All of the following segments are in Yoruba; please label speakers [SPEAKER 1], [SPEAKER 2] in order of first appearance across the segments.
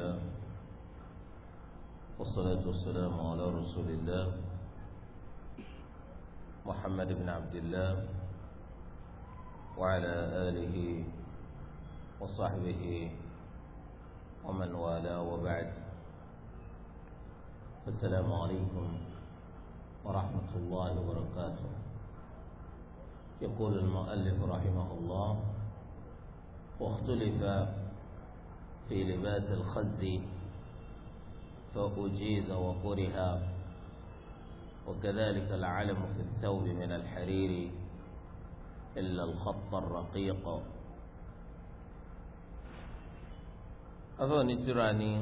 [SPEAKER 1] الله والصلاة والسلام على رسول الله محمد بن عبد الله وعلى آله وصحبه ومن والاه وبعد السلام عليكم ورحمة الله وبركاته يقول المؤلف رحمه الله واختلف في لباس الخز فأجيز وكره وكذلك العلم في الثوب من الحرير إلا الخط الرقيق أفوني تراني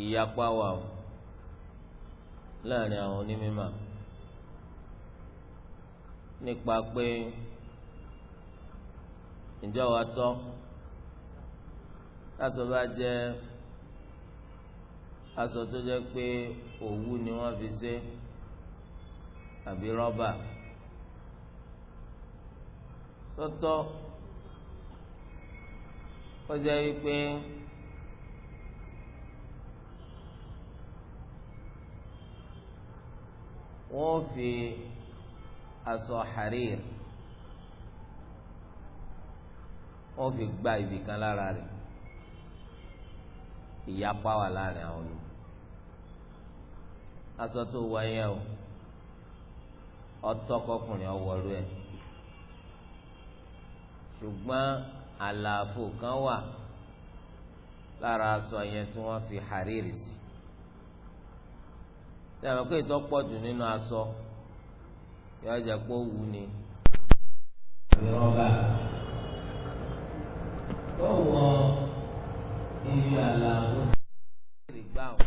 [SPEAKER 1] ìyapa wà o láàrin àwọn onímọ̀ nípa pé ǹjẹ́ wa لا نعوني مما onimo بي pe aṣọ bá jẹ́ aṣọ tó jẹ́ pé òwú ni wọ́n fi ṣe àbí rọ́bà sọ́tọ̀ ó jẹ́ wípé wọ́n fi aṣọ harir wọ́n fi gba ibìkan lára rẹ̀ ìyapa wà láàrin àwọn olùkọ́ aṣọ tó wọ ẹyẹ o ọ̀tọ̀ kọkùnrin ọwọlú ẹ ṣùgbọ́n àlàfo kan wà lára aṣọ yẹn tí wọ́n fi hàrírì sí sẹ́wọ̀n pé ìtọ́ pọ̀ jù nínú aṣọ yọ jẹ́ pé ó wù ni. ìrọ̀bà tó wọ̀ níbi ala lè gbà wọn.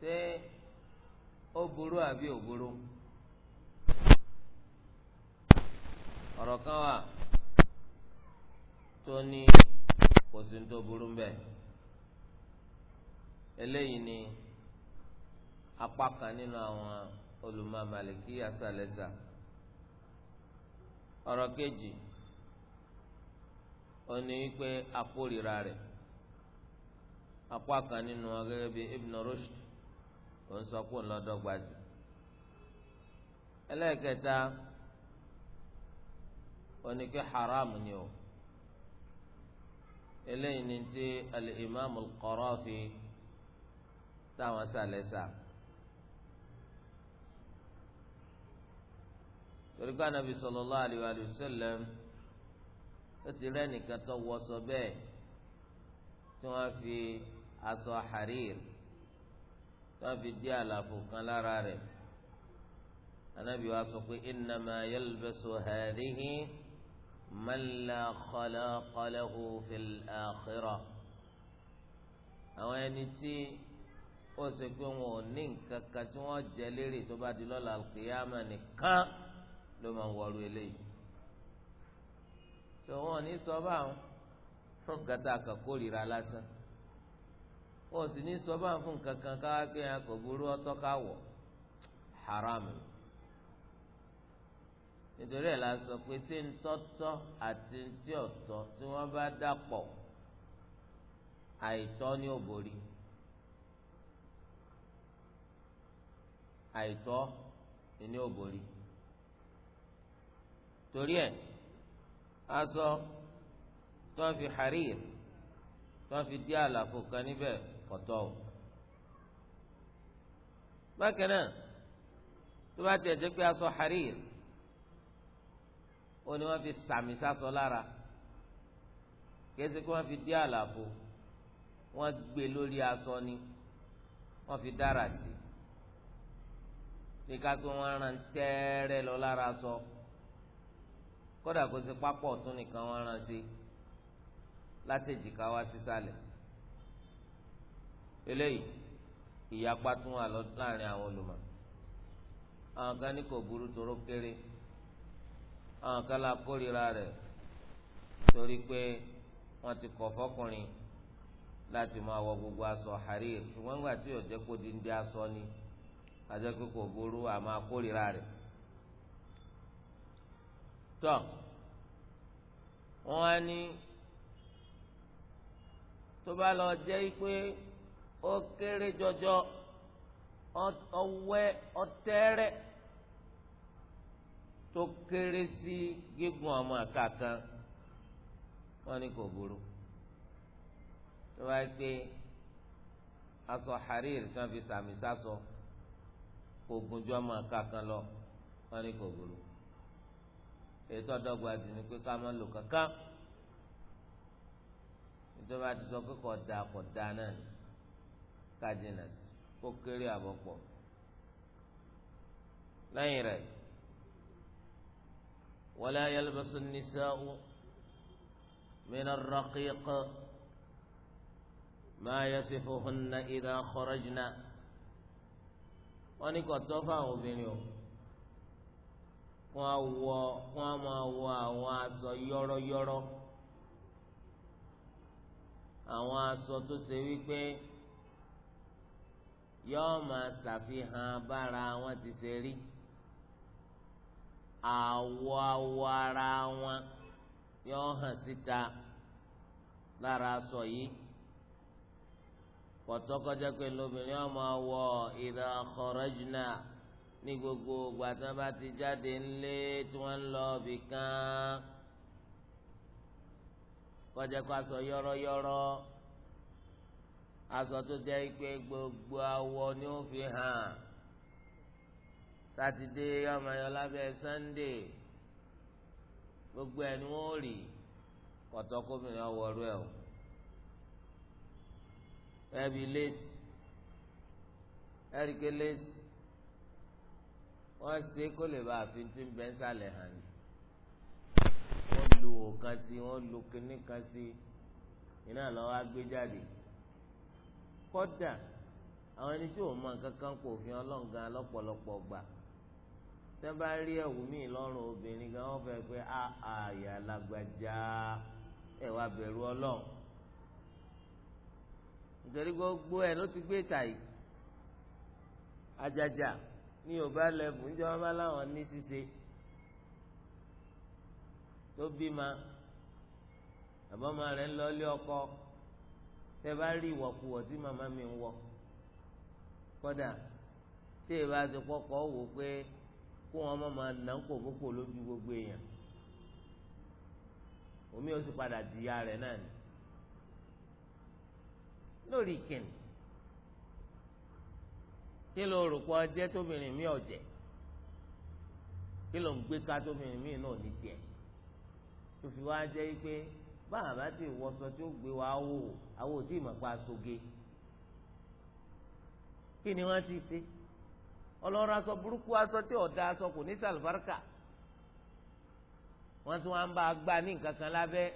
[SPEAKER 1] ṣé ó burú àbí ò burú? ọ̀rọ̀ kan wà tó ní kò sí tó burú ń bẹ̀. eléyìí ni apá kan nínú àwọn olùmọ̀ ọ̀rọ̀ kejì. Onu pé akórira rẹ̀ apá kan nínú bíi Ibn Rushd òun sọ pé òun haram ni o eléyìí ni ti imam al fi táwọn sàlẹ̀ sà. torí pé anabi sallallahu alayhi ó ti rẹ́ nìkan tó wọṣọ bẹ́ẹ̀ tí wọ́n fi aṣọ harir tí wọ́n fi dí àlàfo kan lára rẹ̀ anabi wa sọ pé innama yalbasu hadihi man la khalaqa lahu fil akhirah àwọn ẹni tí ó ṣe pé wọn ò ní nǹkan kan tí wọ́n jẹ lérè tó bá di lọ́la alqiyama nìkan ló máa ń wọlú eléyìí tó wọn ní sọ báwọn fún nǹkan tá a kàn kórìíra lásán wọn sì ní sọ báwọn fún nǹkan káwá pé yẹn kò burú ọtọ́ ká haram nítorí ẹ̀ la sọ pé tí ń tọ́tọ́ àti tí ọ̀tọ̀ tí wọ́n bá dàpọ̀ àìtọ́ ni ó borí àìtọ́ ni ó borí torí ẹ̀ aṣọ tí wọ́n fi harir tí wọ́n fi dí àlàfo kan níbẹ̀ kọ̀tọ́ o. bákan náà tó bá tiẹ̀ jẹ́ pé aṣọ harir ó ní wọ́n fi sàmì sásọ lára kẹsí kí wọ́n fi dí àlàfo wọ́n gbé lórí aṣọ ni wọ́n fi dára sí i. kíkà pé wọ́n rán tẹ́ẹ́rẹ́ lọ lára aṣọ. So kódà kó ṣe pápọ̀ ọ̀tún nìkan wọ́n rán sí láti èjìká wá sísàlẹ̀ eléyìí ìyapa tún wà láàrin àwọn olùmọ̀ àwọn kan ní kò burú toró kéré àwọn kan la kórìíra rẹ̀ torí pé wọ́n ti kọ̀ fọkùnrin láti máa wọ gbogbo aṣọ harir ṣùgbọ́n nígbà tí yóò jẹ́ kó di ń di aṣọ ni àjẹkù kò burú àmọ́ akórìíra rẹ̀ tọ́ wọn á ní tó bá lọ jẹ́ pé ó kéré jọjọ ọwẹ́ ọtẹ́rẹ́ tó kéré sí gígùn ọmọ àká kan wọn ní kò burú tó bá gbé aṣọ harir tí wọn fi sàmì sásọ kò gùn ju ọmọ àká lọ wọn ní kò burú ètò ọ̀dọ́gba dì ní pé ká má lò kankan ìjọba ti sọ pé kò da kò da náà ni ká jìnnà sí kó kéré àbọ̀pọ̀ lẹ́yìn rẹ̀ wala yalbasu an-nisa'u min ar-raqiq ma yasifuhunna idha kharajna wọ́n ní kò tọ́ fáwọn obìnrin o wọ́n á wọ wọ́n á máa wọ àwọn aṣọ yọ́rọ́yọ́rọ́ àwọn aṣọ tó ṣe wípé yọ́ọ́ máa ṣàfihàn bára wọn ti ṣe rí àwọ̀ awọ ara wọn yọ́ọ́ hàn síta lára aṣọ yìí pọ̀tọ́kọ́jẹ́ pé lóbìnrin ọmọ wọ ìdá kharajna ní gbogbo ìgbà tí wọ́n bá ti jáde ńlé tí wọ́n ń lọ ibì kan kọjá kó aṣọ yọ́rọ́yọ́rọ́ aṣọ tó jẹ́ pé gbogbo awọ ni ó fi hàn sátidé ọmọ ayọ̀ lábẹ́ sànńdé gbogbo ẹ̀ ni wọ́n rì kọ̀tọ́ kóbìnrin ọwọ́rú ẹ̀ o ẹ̀bi lẹ́sì ẹ̀ríkẹ́ lẹ́sì wọ́n ṣe kó lè bá àfin tí ń bẹ ń sàlẹ̀ hàn ní. wọ́n lu òkan sí wọ́n lu kinní kan sí iná lọ́wọ́ agbé jáde. kódà àwọn ẹni tí ò mọ nǹkan kò fi ọlọ́ǹgá lọ́pọ̀lọpọ̀ gbà tẹ́ bá rí ẹ̀wù míì lọ́rùn obìnrin gan wọ́n fẹ́ pé àyà lágbájá ẹ̀ wá bẹ̀rù ọlọ́run nítorí gbogbo ẹ̀ ló ti gbé tàyè ajaja. ní yorùbá lẹ́bù ń jẹ́ wọn bá láwọn ní ṣíṣe tó bímọ àbọ̀mọ rẹ̀ ń lọ ilé ọkọ tẹ́ bá rí ìwọ̀kuwọ̀ tí màmá mi ń wọ̀ kódà tí èyí bá ti kọ́kọ́ wò pé kó wọn mọ̀ máa nà ń gbogbo èèyàn omi ó sì padà rẹ̀ náà ni kí ló rò pọ̀ oje tóbìnrin mi ọ̀jẹ̀ kí ló ń gbé ká tóbìnrin mi náà ní tiẹ̀ tó fi wá pé ti wọṣọ tí ó gbé wa wò àwọn ò tí ì pa soge kí ni wọ́n ti ṣe ọlọ́run aṣọ burúkú aṣọ tí ọ̀dà aṣọ kò ní sàlùbáríkà wọ́n tún wá ń bá a gbà ní nǹkan kan lábẹ́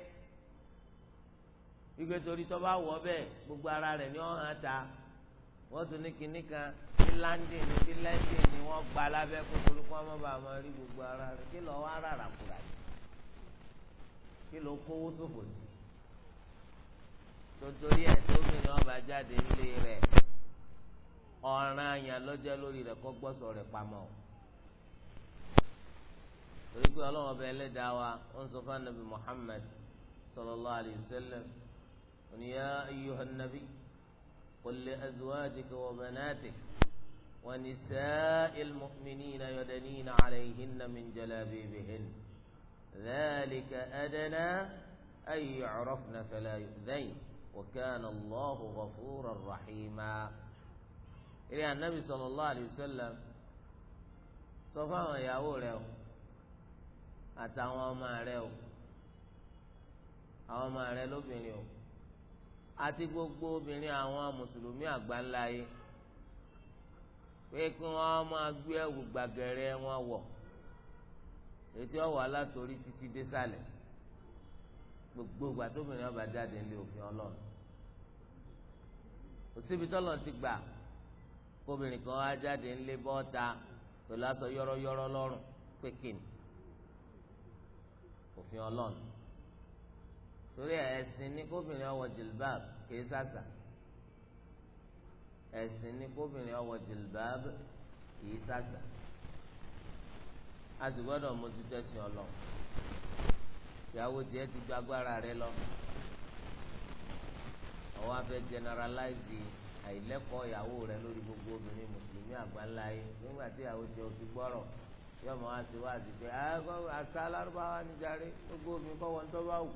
[SPEAKER 1] ìgbé torí tó bá wọ̀ bẹ́ẹ̀ gbogbo ara re ni ó hàn ta wọ́n tún ní kinní kan dé London dé London ni wọ́n gba lábẹ́ kúkúrú kó má bàa máa rí gbogbo ara rẹ̀ kí lọ́ọ́ wá rárá kúrà sí kí lọ́ọ́ kówó ṣòfò sí torí ẹ̀ tóbi ni wọ́n bá jáde nílé rẹ̀ ọ̀ràn àyàn lọ́jọ́ lórí rẹ̀ kó gbọ́sọ̀ rẹ̀ pamọ́ torí pé ọlọ́run ọba ẹlẹ́dàá wa ń sọ fún anabi Muhammad sallallahu alayhi wa sallam oníyá ayyuhan nabi qul li azwajika wa banatika. ونساء المؤمنين يدنين عليهن من جلابيبهن ذلك أدنى أن يعرفن فلا يؤذين وكان الله غفورا رحيما إلى النبي صلى الله عليه وسلم صفا يا له àtàwọn ọmọ rẹ o àwọn ọmọ rẹ lóbìnrin o àti gbogbo obìnrin àwọn mùsùlùmí àgbáńláyé pé kí wọ́n máa gbé ẹ̀wù gbàgẹ̀rẹ̀ wọn wọ̀ ètò ọ̀wọ̀ alátorí títí désàlẹ̀ gbogbo ìgbà tóbìnrin ọba jáde ní òfin ọlọ́run òsibí tọ́lọ̀ ti gbà kóbìnrin kan á jáde ńlé bọ́ọ̀ta pẹ̀lú aṣọ yọ́rọ́yọ́rọ́ lọ́rùn pékinì òfin ọlọ́run torí ẹ̀sìn ní kóbìnrin ọwọ́ jìlbáàbù kì í sàṣà ẹ̀sìn ní kóbìnrin ọwọ́ jìlbáàbù kìí sàṣà a sì gbọ́dọ̀ mójútó ẹ̀sìn ọlọ́ ìyàwó tiẹ̀ ti gba agbára rẹ lọ ọwọ́ afẹ́ generalize àìlẹ́kọ̀ọ́ ìyàwó rẹ lórí gbogbo obìnrin mùsùlùmí àgbáńlá yìí nígbà tí ìyàwó tiẹ̀ ò ti gbọ́rọ̀ yóò mọ̀ wá wá sí pé àṣà alárúbáwá ni jàre gbogbo obìnrin kọ́ wọn tó bá wù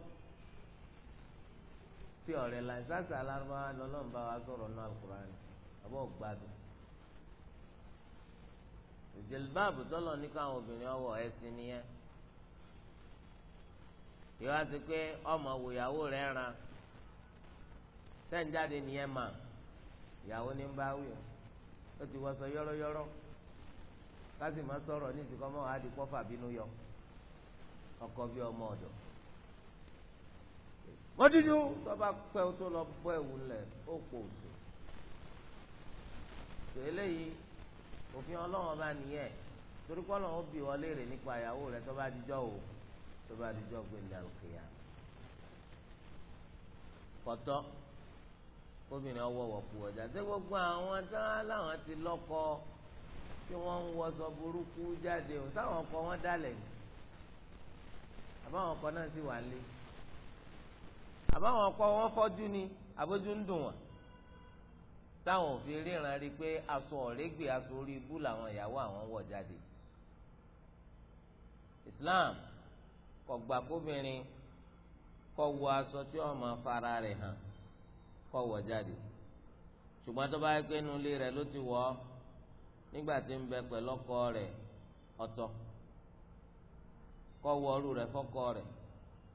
[SPEAKER 1] sí ọ̀rẹ́ láì sàṣà alárúbáwá lọ́lọ́run àbọ̀ gbádùn ìjẹlibáàbù tọ́lọ̀ ní káwọn obìnrin ọwọ́ ẹ̀sìn nìyẹn ìwà ti pé ọmọ wò ìyàwó rẹ̀ ran sẹ́ńjáde nìyẹn mà ìyàwó ní ń bá wí ó ti wọ́sọ yọ́rọ́yọ́rọ́ kásì má sọ̀rọ̀ ní ìsìnkọ́ mọ́ àá pọ́fà bínú yọ ọkọ bí ọmọ ọ̀dọ̀ wọ́n dídú tó bá pẹ́ tó lọ bọ́ ẹ̀wù tó eléyìí òfin ọlọ́wọ́n bá nìyẹn torí kọ́ lọ́wọ́ bí wọ́n léèrè nípa ìyàwó rẹ̀ tó bá dijọ́ o tó bá dijọ́ gbẹ̀ndà òkè yá. kọ́tọ́ obìnrin ọwọ́ wọ̀pù ọjà ṣé gbogbo àwọn tí wọ́n láwọn ti lọ́kọ tí wọ́n ń wọṣọ burúkú jáde o sáwọn ọkọ wọn dálẹ̀ ni àbáwọn ọkọ náà sì wà lé àbáwọn ọkọ wọn fọ́jú ni àbójú ń dùn wọn táwọn ò fi ríran rí i pé aṣọ ọ̀rẹ́gbè aṣọ orí ibú làwọn ìyàwó àwọn wọ̀ jáde Islam kò gbà kóbìnrin kó wọ aṣọ tí wọn máa fara rẹ̀ hàn kó wọ̀ jáde ṣùgbọ́n tó bá yẹ pé inú ilé rẹ̀ ló ti wọ̀ ọ́ nígbà tí ń bẹ pẹ̀lú ọkọ rẹ̀ ọ̀tọ̀ kó wọ ọrú rẹ̀ fọ́kọ rẹ̀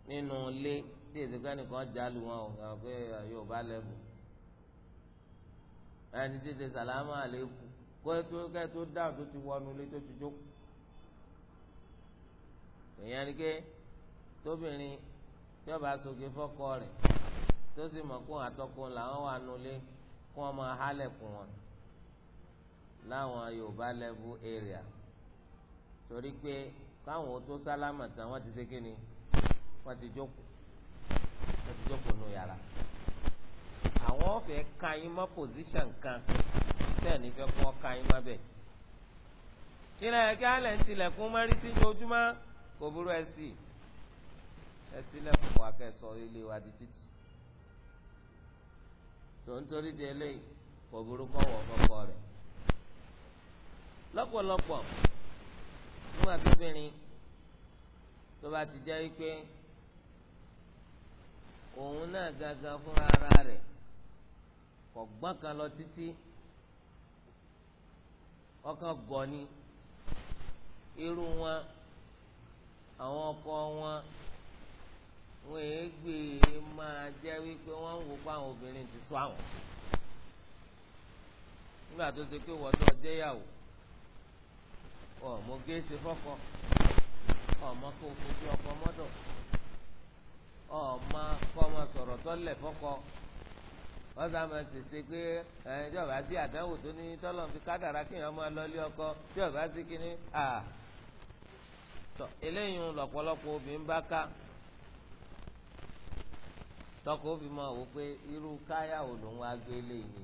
[SPEAKER 1] nínú ilé tí èsì kẹ́nìkan jálù wọn ò kàn pé Yorùbá lẹ́bùn ẹni tí ṣe sàlámà àlékún kóyètò kẹtò dáhùn tó ti wọnú ilé tó ti jókòó èèyàn ni ké tóbìnrin tí ó bá soge fọ́kọ rẹ̀ tó sì mọ̀ kó àtọkùn làwọn wà nulẹ̀ kó wọn máa hálẹ̀ wọn láwọn Yorùbá lẹ́bù area torí pé káwọn tó sálámà tán wọ́n ti ṣe kí ni wọ́n ti jókòó wọ́n ti jókòó nù yàrá àwọn ọ̀fẹ́ ka yín mọ́ pòsíṣàn kan tẹ̀ nífẹ̀ẹ́ kọ́ ka yín mọ́ bẹ̀. ilẹ̀ ẹ̀kẹ́ alẹ̀ ń tilẹ̀kùn mẹ́rin sí ojoojúmọ́ kò burú ẹ sí ẹ sílẹ̀kùn wa kẹ́ sọ ilé wa di títì. tòǹtòrí di eléyìí kò burú kọ́ wọ̀ kọ́kọ́ rẹ̀. lọ́pọ̀lọpọ̀ nígbà tó bìnrin tó bá ti jẹ́ pé òun náà gangan fúnra rẹ̀ kò gbọ́n kan lọ títí ọkàn gọ̀ ni irú wọn àwọn ọkọ wọn wọn èé gbé e máa jẹ́ wípé wọ́n ń wò pé àwọn obìnrin ti sọ àwọn nígbà tó ṣe pé wọ́n tó ọjẹ́ yàwó ọmọ géèsì fọkọ ọkọ ọmọ kọ́ ọmọ sọ̀rọ̀ tọ́lẹ̀ fọkọ. wọ́n sá máa ṣèṣe pé ìjọba sí àdánwò tó ní tọ́lọ̀ fi kádàrá kí wọ́n máa lọ ilé ọkọ ìjọba sí kínní à tọ́ eléyìí lọ́pọ̀lọpọ̀ obìnrin bá ká tọkọ obìnrin máa wò pé irú káyà ò lòun á gbé eléyìí e ní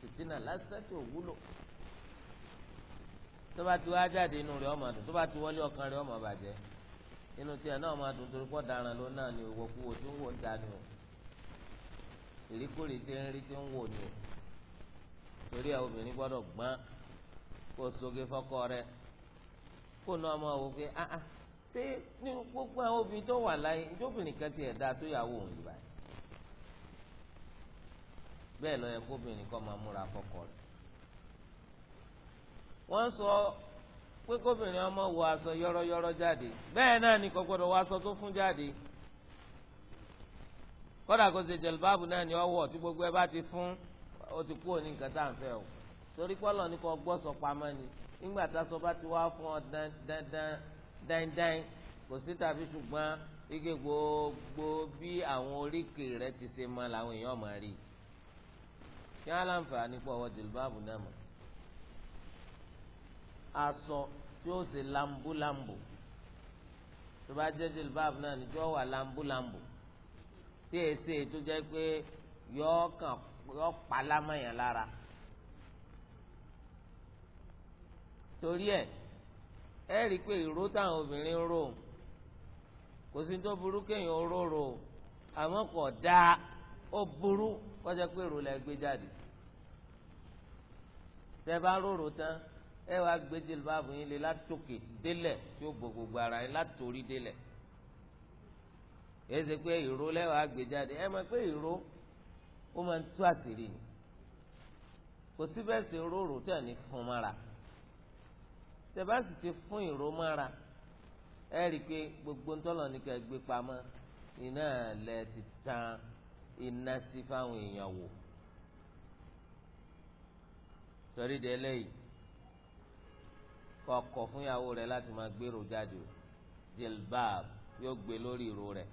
[SPEAKER 1] fìtínà lásán tí ò wúlò tó bá ti wá jáde inú rẹ̀ ọmọ dùn tó bá ti wọlé ọkàn rẹ̀ ọmọ bàjẹ́ inú tiẹ̀ náà máa dùn torí pọ́ daran ló náà ni òwò kúwo tó ń wò dání o èríkòrí tí ń rí tí ń wò ni o torí àwọn obìnrin gbọ́dọ̀ gbọ́n kó soge fọ́kọ rẹ kó nu ọmọ wò pé ah ah ṣé ní gbogbo àwọn obìnrin tó wà láyé ìjọbìnrin kan tiẹ̀ dáa tó yàwó òun yìí báyìí bẹ́ẹ̀ ló yẹ kóbìnrin kọ́ máa múra fọ́kọ rẹ̀ wọ́n sọ pé kóbìnrin ọmọ wọ aṣọ yọ́rọ́yọ́rọ́ jáde bẹ́ẹ̀ náà ni kò gbọ́dọ̀ wọ aṣọ tó fún jáde kódà kó ṣe jẹlibáàbù náà ni ọwọ́ tí gbogbo ẹ bá ti fún ó ti kú òní nǹkan tá à ń fẹ́ o torí pọ́lọ̀ ní kò gbọ́ sọ pamọ́ ni nígbà tá a sọ bá ti wá fún ọ dandan kò sí tàbí ṣùgbọ́n ike gbogbo bí àwọn oríkèé rẹ ti ṣe mọ làwọn èèyàn máa rí kí á láǹfààní pọ̀ ọwọ́ jẹlibáàbù náà mọ̀ aṣọ tí ó ṣe lambúlambù tó bá jẹ́ jẹlibáàbù náà ni tí ó wà lambúlambù tí e ṣe tó jẹ́ pé yọ kàn yọ palámọ̀yàn lára torí ẹ ẹ rí i pé ìró táwọn obìnrin ń rò kò sí tó burú kéèyàn róró àmọ́ kò dáa ó burú kọjá pé ìró la gbé jáde tẹ bá róró tán ẹ wàá gbé jìlbáàbù yín lé látòkè délẹ̀ tí ó gbogbo ara yín látòrí délẹ̀ yẹ ṣe pé ìró lẹ́wọ̀n àgbèjáde ẹ máa pé ìró ó máa ń tú àṣírí ni kò sí bẹ́ẹ̀ ṣe róró tẹ̀ ní fún mára tẹ̀ bá sì ti fún ìró mára ẹ rí i pé gbogbo ńtọ́lọ̀ ní ká gbé pamọ́ iná lẹ ti tan iná sí fáwọn èèyàn wò torí de eléyìí kọ̀ọ̀kọ̀ fún ìyàwó rẹ̀ láti máa gbèrò jáde jilbab yóò gbé lórí ìró rẹ̀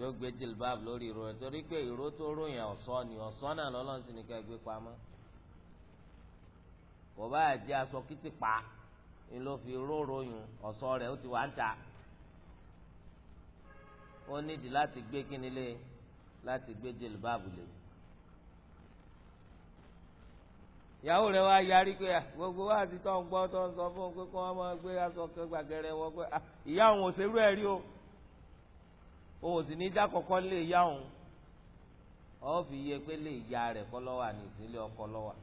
[SPEAKER 1] yóò gbé jilbab lórí ìró rẹ̀ torí pé ìró tó ròyìn ọ̀ṣọ́ ni ọ̀ṣọ́ náà lọ́lọ́run sì ní ká gbé pamọ́ kò bá jẹ́ aṣọ kìtìpá ni ló fi ró ròyìn ọ̀ṣọ́ rẹ̀ ó ti wá ń ta ó nídìí láti gbé kíni lé láti gbé jilbab lé ìyàwó rẹ̀ wá yarí pé ah, gbogbo wa sì tó ń gbọ́ tó ń sọ fún un pé kó wọ́n máa gbé aṣọ gbàgẹ̀rẹ̀ wọ́n pé ah, ìyá òun ò ṣerú ẹ̀ rí o o sì ní dákọ̀kọ́ lè yá òun ọ fi yẹ pé lè ya rẹ̀ kọ́ lọ́wọ́ àní ìsílẹ̀ ọkọ lọ́wọ́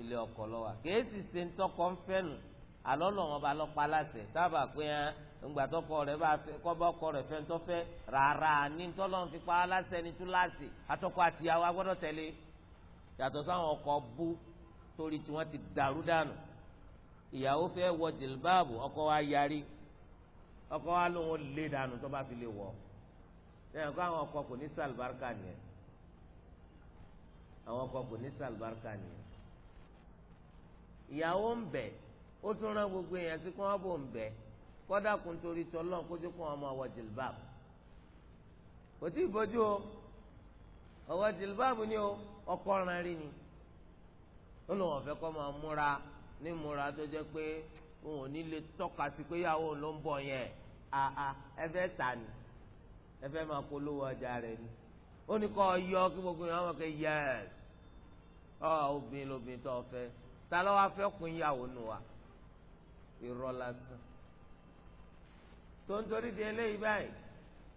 [SPEAKER 1] ilé ọkọ lọ́wọ́ kèésì ṣe ń tọkọ ń fẹ́nu àlọ́ lọ́wọ́ bá lọ́pàá láṣẹ dábàá pé ẹ́ ńgbà tọkọ rẹ̀ bá fẹ́ kọ́bọ́ ọkọ rẹ̀ fẹ́ tó fẹ́ rárá ní tọ́lọ́n fi pa láṣẹ ní túláàsì atọ́kọ àtìyàwó agbọ́dọ̀ tẹ̀lé yàtọ̀ sáwọn ọkọ bú torí tí wọ́n ti dàrú dànù ìyàwó fẹ́ wọ jìlbáàbù ọkọ wa yarí ọkọ wa lóun lé dànù tó bá fi lè wọ̀ lẹ́yìn kó àwọn ọkọ kò ní sàlùbáríkà nìyẹn àwọn ọkọ kò ní sàlùbáríkà nìyẹn ìyàwó ń bẹ ó tún rán gbogbo èèyàn sí kó wọn bò ń bẹ kódà kún torí tọlọ́n kó kún ọmọ ọwọ́ jìlbáàbù kò tí ì bójú o ọwọ́ jìlbáàbù ni o ọkọ ọ̀ràn rí ni ó lóun ọ̀fẹ́ kọ́ máa múra ní múra tó jẹ́ pé òun ò ní lè tọ́ka sí pé ìyàwó ló ń bọ̀ yẹn àà ẹfẹ tà ní ẹfẹ máa polówó ọjà rẹ ni ó ní kọ́ yọ kí gbogbo yẹn wọ́n kẹ́ yẹ́s ọ obìnrin lobìnrin tó fẹ́ ta ló wá fẹ́ kun ìyàwó nù wa irọ́ lásán tó ń torí di eléyìí báyìí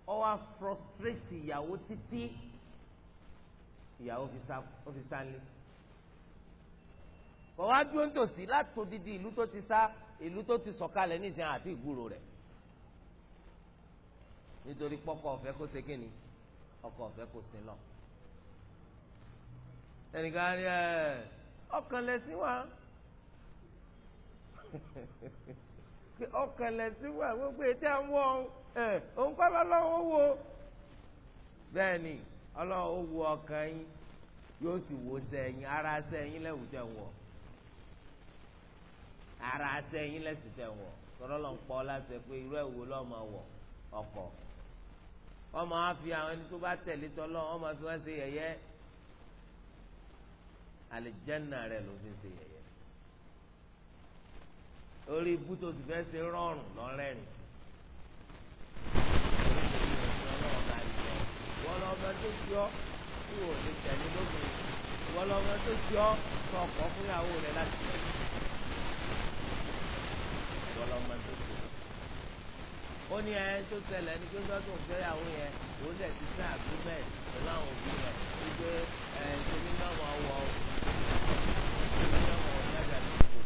[SPEAKER 1] ọ wá frustrate ìyàwó títí ìyàwó fi sálé kọ̀ wá dúró nítòsí látòdìdí ìlú tó ti sá ìlú tó ti sọ̀kalẹ̀ nísìnyí àti ìgbúrò rẹ̀ nítorí pọ́kọ ọ̀fẹ́ kó kíni ọkọ ọ̀fẹ́ kó sin lọ. ẹnìkan ni ẹ ọkàn wa ọkàn lẹ́sìn wa gbogbo ètò àwọn ẹ lọ́wọ́ wo wo ọkàn yín wo sẹ́yìn ara sẹ́yìn wọ̀ ara sẹ́yìn lẹ́sìn tẹ̀ wọ̀ tọ́lọ́lọ́ ń pọ́ pé irú ẹ̀ wo lọ́ọ́ máa ọmọ á fi àwọn ẹni tó bá tẹ̀lé tọ́lọ́ ọmọ fi wá ṣe yẹ̀yẹ́ àlìjẹ́nà rẹ̀ ló fi ṣe yẹ̀yẹ́ orí ibú tó sì fẹ́ ṣe rọrùn lọ́rẹ́rìn sí wọ́n tó ti ọ́ tí ò lè tẹ̀lé lóbìnrin wọ́n tó ti ọ́ sọ ọkọ̀ fúnyàwó rẹ̀ láti tẹ̀lé wọ́n tó ti ọ́ ó ní ẹ tó ṣẹlẹ̀ ní pé gbọ́dọ̀ tó ń fẹ́yàwó yẹn òun dẹ̀ ti sẹ́ agreement pẹ̀lú àwọn òbí rẹ̀ wípé ẹ ṣe ní náà wọ́n wọ ọ́ ṣe ní náà wọ́n dájà ní gbogbo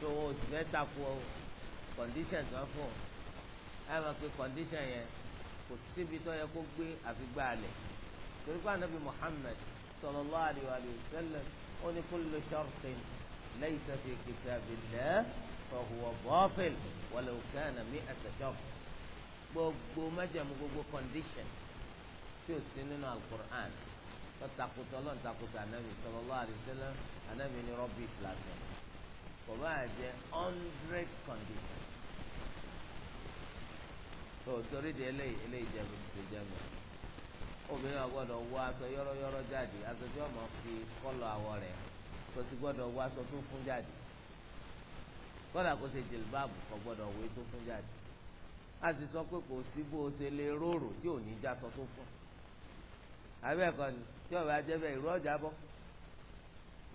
[SPEAKER 1] tó o sì fẹ́ takò condition tó ń fún ọ ẹ máa pe condition yẹn kò síbi tó yẹ kó gbé àfigbá alẹ̀ torí pé anabi Muhammad sallallahu alaihi wa sallam ó ní kullu shartin laysa fi kitabillah. فهو باطل ولو كان مئة شرط gbogbo májàmú gbogbo condition tí o sí nínú alukur'an tọ́takùtà ọlọ́run takùtà anabi sallallahu alaihi wasallam anabi ní rubbish lásán kò bá jẹ hundred conditions tó torí di eléyìí eléyìí jẹ bí ṣe jẹ mọ obìnrin wa gbọ́dọ̀ wọ aṣọ yọrọyọrọ jáde aṣọ tí wọn mọ fi kọlọ àwọ̀ rẹ̀ kò sì gbọ́dọ̀ wọ aṣọ tó kún jáde kódà kó ṣe jìlbáàbù kò gbọ́dọ̀ wé tó fún jáde a sì sọ pé kò sí bó o ṣe lè róòrò tí ò ní já sọ tó fún abẹ́ ẹ̀kọ́ ni tí ọba jẹ́bẹ̀ ìrú ọjà bọ́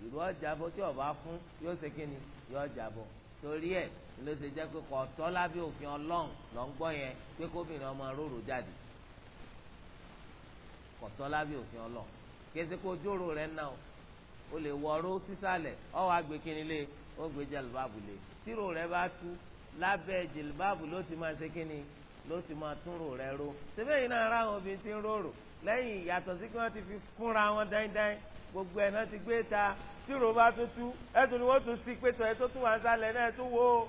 [SPEAKER 1] ìrú ọjà bọ́ tí ọba fún yóò ṣe kí ni yóò ọjà bọ́ torí ẹ̀ ló ṣe jẹ́ pé kò tọ́ lábẹ́ òfin ọlọ́run lọ́ ń gbọ́ yẹn pé kóbìnrin ọmọ róòrò jáde kò tọ́ lábẹ́ òfin ọlọ́run kéde kó jóró rẹ̀ náà o lè wọ̀ọ́rọ́ sísàlẹ̀ ọ̀ wá gbé kíni lé ó gbé jẹ́ lùbáàbù lé tírò rẹ bá tú lábẹ́ jìlbáàbù ló ti máa ṣe kíni ló ti máa túnrò rẹ ró síbẹ̀ yìí náà ráwọn obìnrin ti ń rorò lẹ́yìn ìyàtọ̀ sí kí wọ́n ti fi kúnra wọn dáindáin gbogbo ẹ̀ náà ti gbé e ta tírò bá tó tú ẹ̀tún ni wọ́n tún sí pétọ́ ẹ̀ tó tún wà sálẹ̀ náà tó wó o.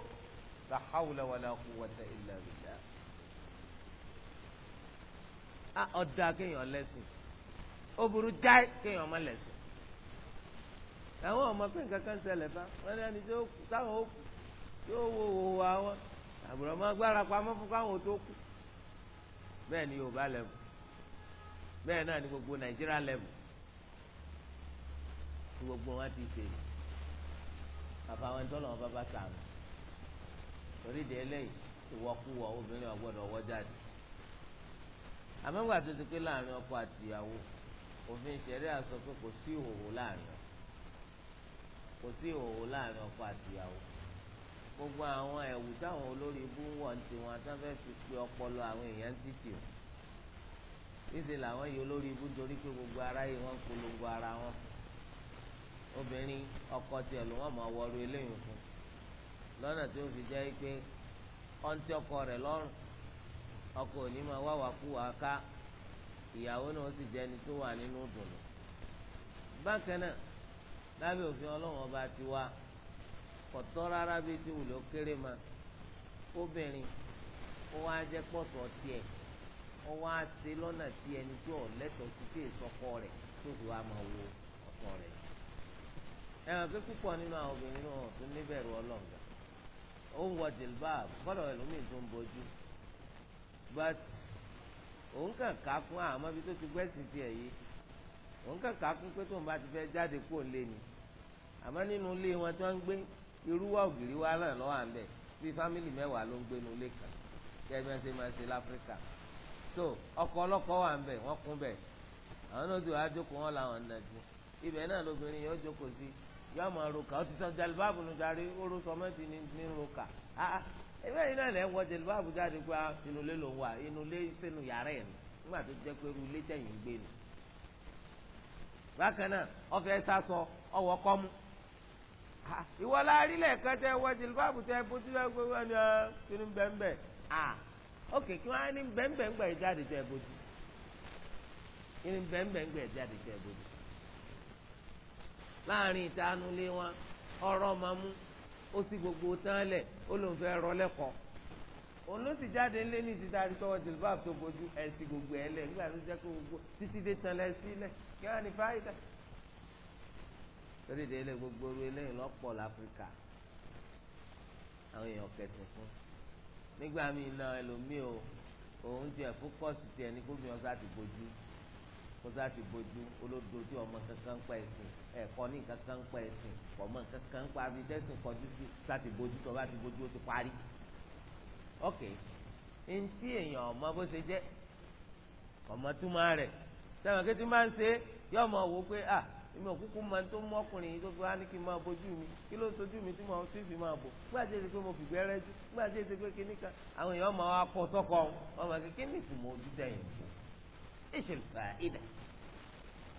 [SPEAKER 1] a ọ̀dà kéèyàn lẹ́sìn ó burú jáì kéèyàn má lẹ́sìn. àwọn ọmọ pé nǹkan kan ṣẹlẹ̀ bá wọ́n ní ẹni tó táwọn ó kú yóò wo wo àwọn àbúrò ọmọ agbára pamọ́ fún káwọn tó kú bẹ́ẹ̀ ni Yorùbá lẹ́mù bẹ́ẹ̀ náà ni gbogbo Nàìjíríà lẹ́mù tí gbogbo wọn ti ṣe bàbá wọn tó lọ́wọ́ bàbá sàmù torí de eléyìí ìwọkuwọ obìnrin ọgbọ́dọ̀ wọ jáde àmọ́gbà tó ti pé láàrin ọkọ àtìyàwó òfin ìṣẹ̀lẹ̀ àsọ pé kò sí ìhòòhò láàrin kò sí ìhòòhò láàrin ọkọ àtìyàwó gbogbo àwọn ẹ̀wù táwọn olórí ibú ń wọ̀ ní tiwọn tán fẹ́ fi pe ọpọlọ àwọn èèyàn títì o níṣẹ́ làwọn yìí olórí ibú torí pé gbogbo aráyé wọn polongo ara wọn obìnrin ọkọ tiẹ̀ ló wọ́n mọ̀ wọ́ọ́rù eléyìí fún lọ́nà tó fi jẹ́ pé ọ̀ǹtí ọkọ rẹ̀ lọ́rùn ọkọ òní máa wá wàkúwà ká ìyàwó náà ó sì jẹ́ ẹni tó wà nínú dùnú bákan náà lábẹ́ òfin ọlọ́run ọba ti wá. kọ̀tọ́ rárá bíi ti wùlé ó kéré ma obìnrin ó wá jẹ́ pọ̀sọ̀ tiẹ̀ ó wá se lọ́nà tí ẹni tí ò lẹ́tọ̀ọ́ sí tí èsọkọ rẹ̀ tó fi wá máa wo ọ̀tọ̀ rẹ̀ ẹ̀rọ pé púpọ̀ nínú àwọn obìnrin náà tún níbẹ̀rù ọlọ́ǹgà ó ń wọ jilbab kọ́dọ̀ ẹlòmíì tó ń bojú but òun kàn ká kún àmọ́ ibi tó ti gbẹ́sìn tiẹ̀ yìí òun kàn ti fẹ́ jáde kúrò lé ni àmọ́ nínú ilé wọn tó ń irú wa ògiri wa náà lọ́wọ́ à ń bẹ̀ bí fámìlì mẹ́wàá ló ń gbénu ilé kan kẹ́gbẹ́ ṣe máa ṣe láfíríkà so ọkọ ọlọ́kọ wà ń bẹ̀ wọ́n kún bẹ̀ àwọn náà sì wá jókòó wọn làwọn ń nàjú ibẹ̀ náà lóbìnrin yóò jókòó sí yóò máa roka ó ti sọ jalibaabu nu jàre oró sọmẹ́tì ní ní roka ah ẹgbẹ́ ah. yìí náà lẹ́ wọ jalibaabu jáde pé ah, inú ilé ló wà inú sínú yàrá ẹ̀ nígbà tó jẹ́ pé irú ilé tẹ̀yìn gbé ni bákan náà ọ̀fẹ́ sásọ ọwọ́ kọ́mú ìwọ la rí lẹ́ẹ̀kan tẹ wọ jìlbáàbù tẹ bójú ẹ gbogbo ẹni ẹ kí ni bẹ́ẹ̀nbẹ́ à ok kí wọ́n á ní bẹ́ẹ̀nbẹ́ ń gbà ẹ jáde kí ni bẹ́ẹ̀nbẹ́ ń gbà ẹ jáde láàrin ìtanu lé wọn ọ̀rọ̀ máa mú ó sì gbogbo tán lẹ̀ ó lóun fẹ́ rọ lẹ́kọ̀ọ́ òun ló sì jáde lé ní títa àti tọwọ́ jìlbáàbù tó bójú ẹ̀ sì gbogbo ẹ̀ lẹ̀ nígbà tó jẹ́ kó gbogbo títí dé tán lẹ́ sílẹ̀ kí wọ́n á ní fáyidà torí de ilé gbogbo oru eléyìí lọ́pọ̀ láfíríkà àwọn èèyàn kẹsìn fún nígbà míì náà ẹlòmíì o òun tiẹ̀ fókọ́sì tiẹ̀ ní kó mi ọ̀sá ti bójú kóso àti bójú olódo tí ọmọ kankan pa ẹ̀sìn ẹ̀kọ́ ní kankan pa ẹ̀sìn ọmọ kankan pa abidẹ́sìn kọjú sí láti bójú tó bá ti bójú ó ti parí. ok ntí èèyàn ọmọ bó ṣe jẹ́ ọmọ túmọ̀ rẹ̀ sẹ́wọ̀n kí tí máa ń ṣe yọ èmi òkúkú máa tó mú ọkùnrin yìí tó fi wá ní kí n máa bójú mi kí ló ń sojú mi tí mo ti fi máa bò nígbà tí èsì pé mo fìgbẹ́ rẹ́ jù nígbà tí èsì pé kíní kan àwọn èèyàn máa wá kọ sọ́kọ wọn máa kékeré ní ìtumọ̀ ojú dẹ̀yìn fún ìṣe fàáìdà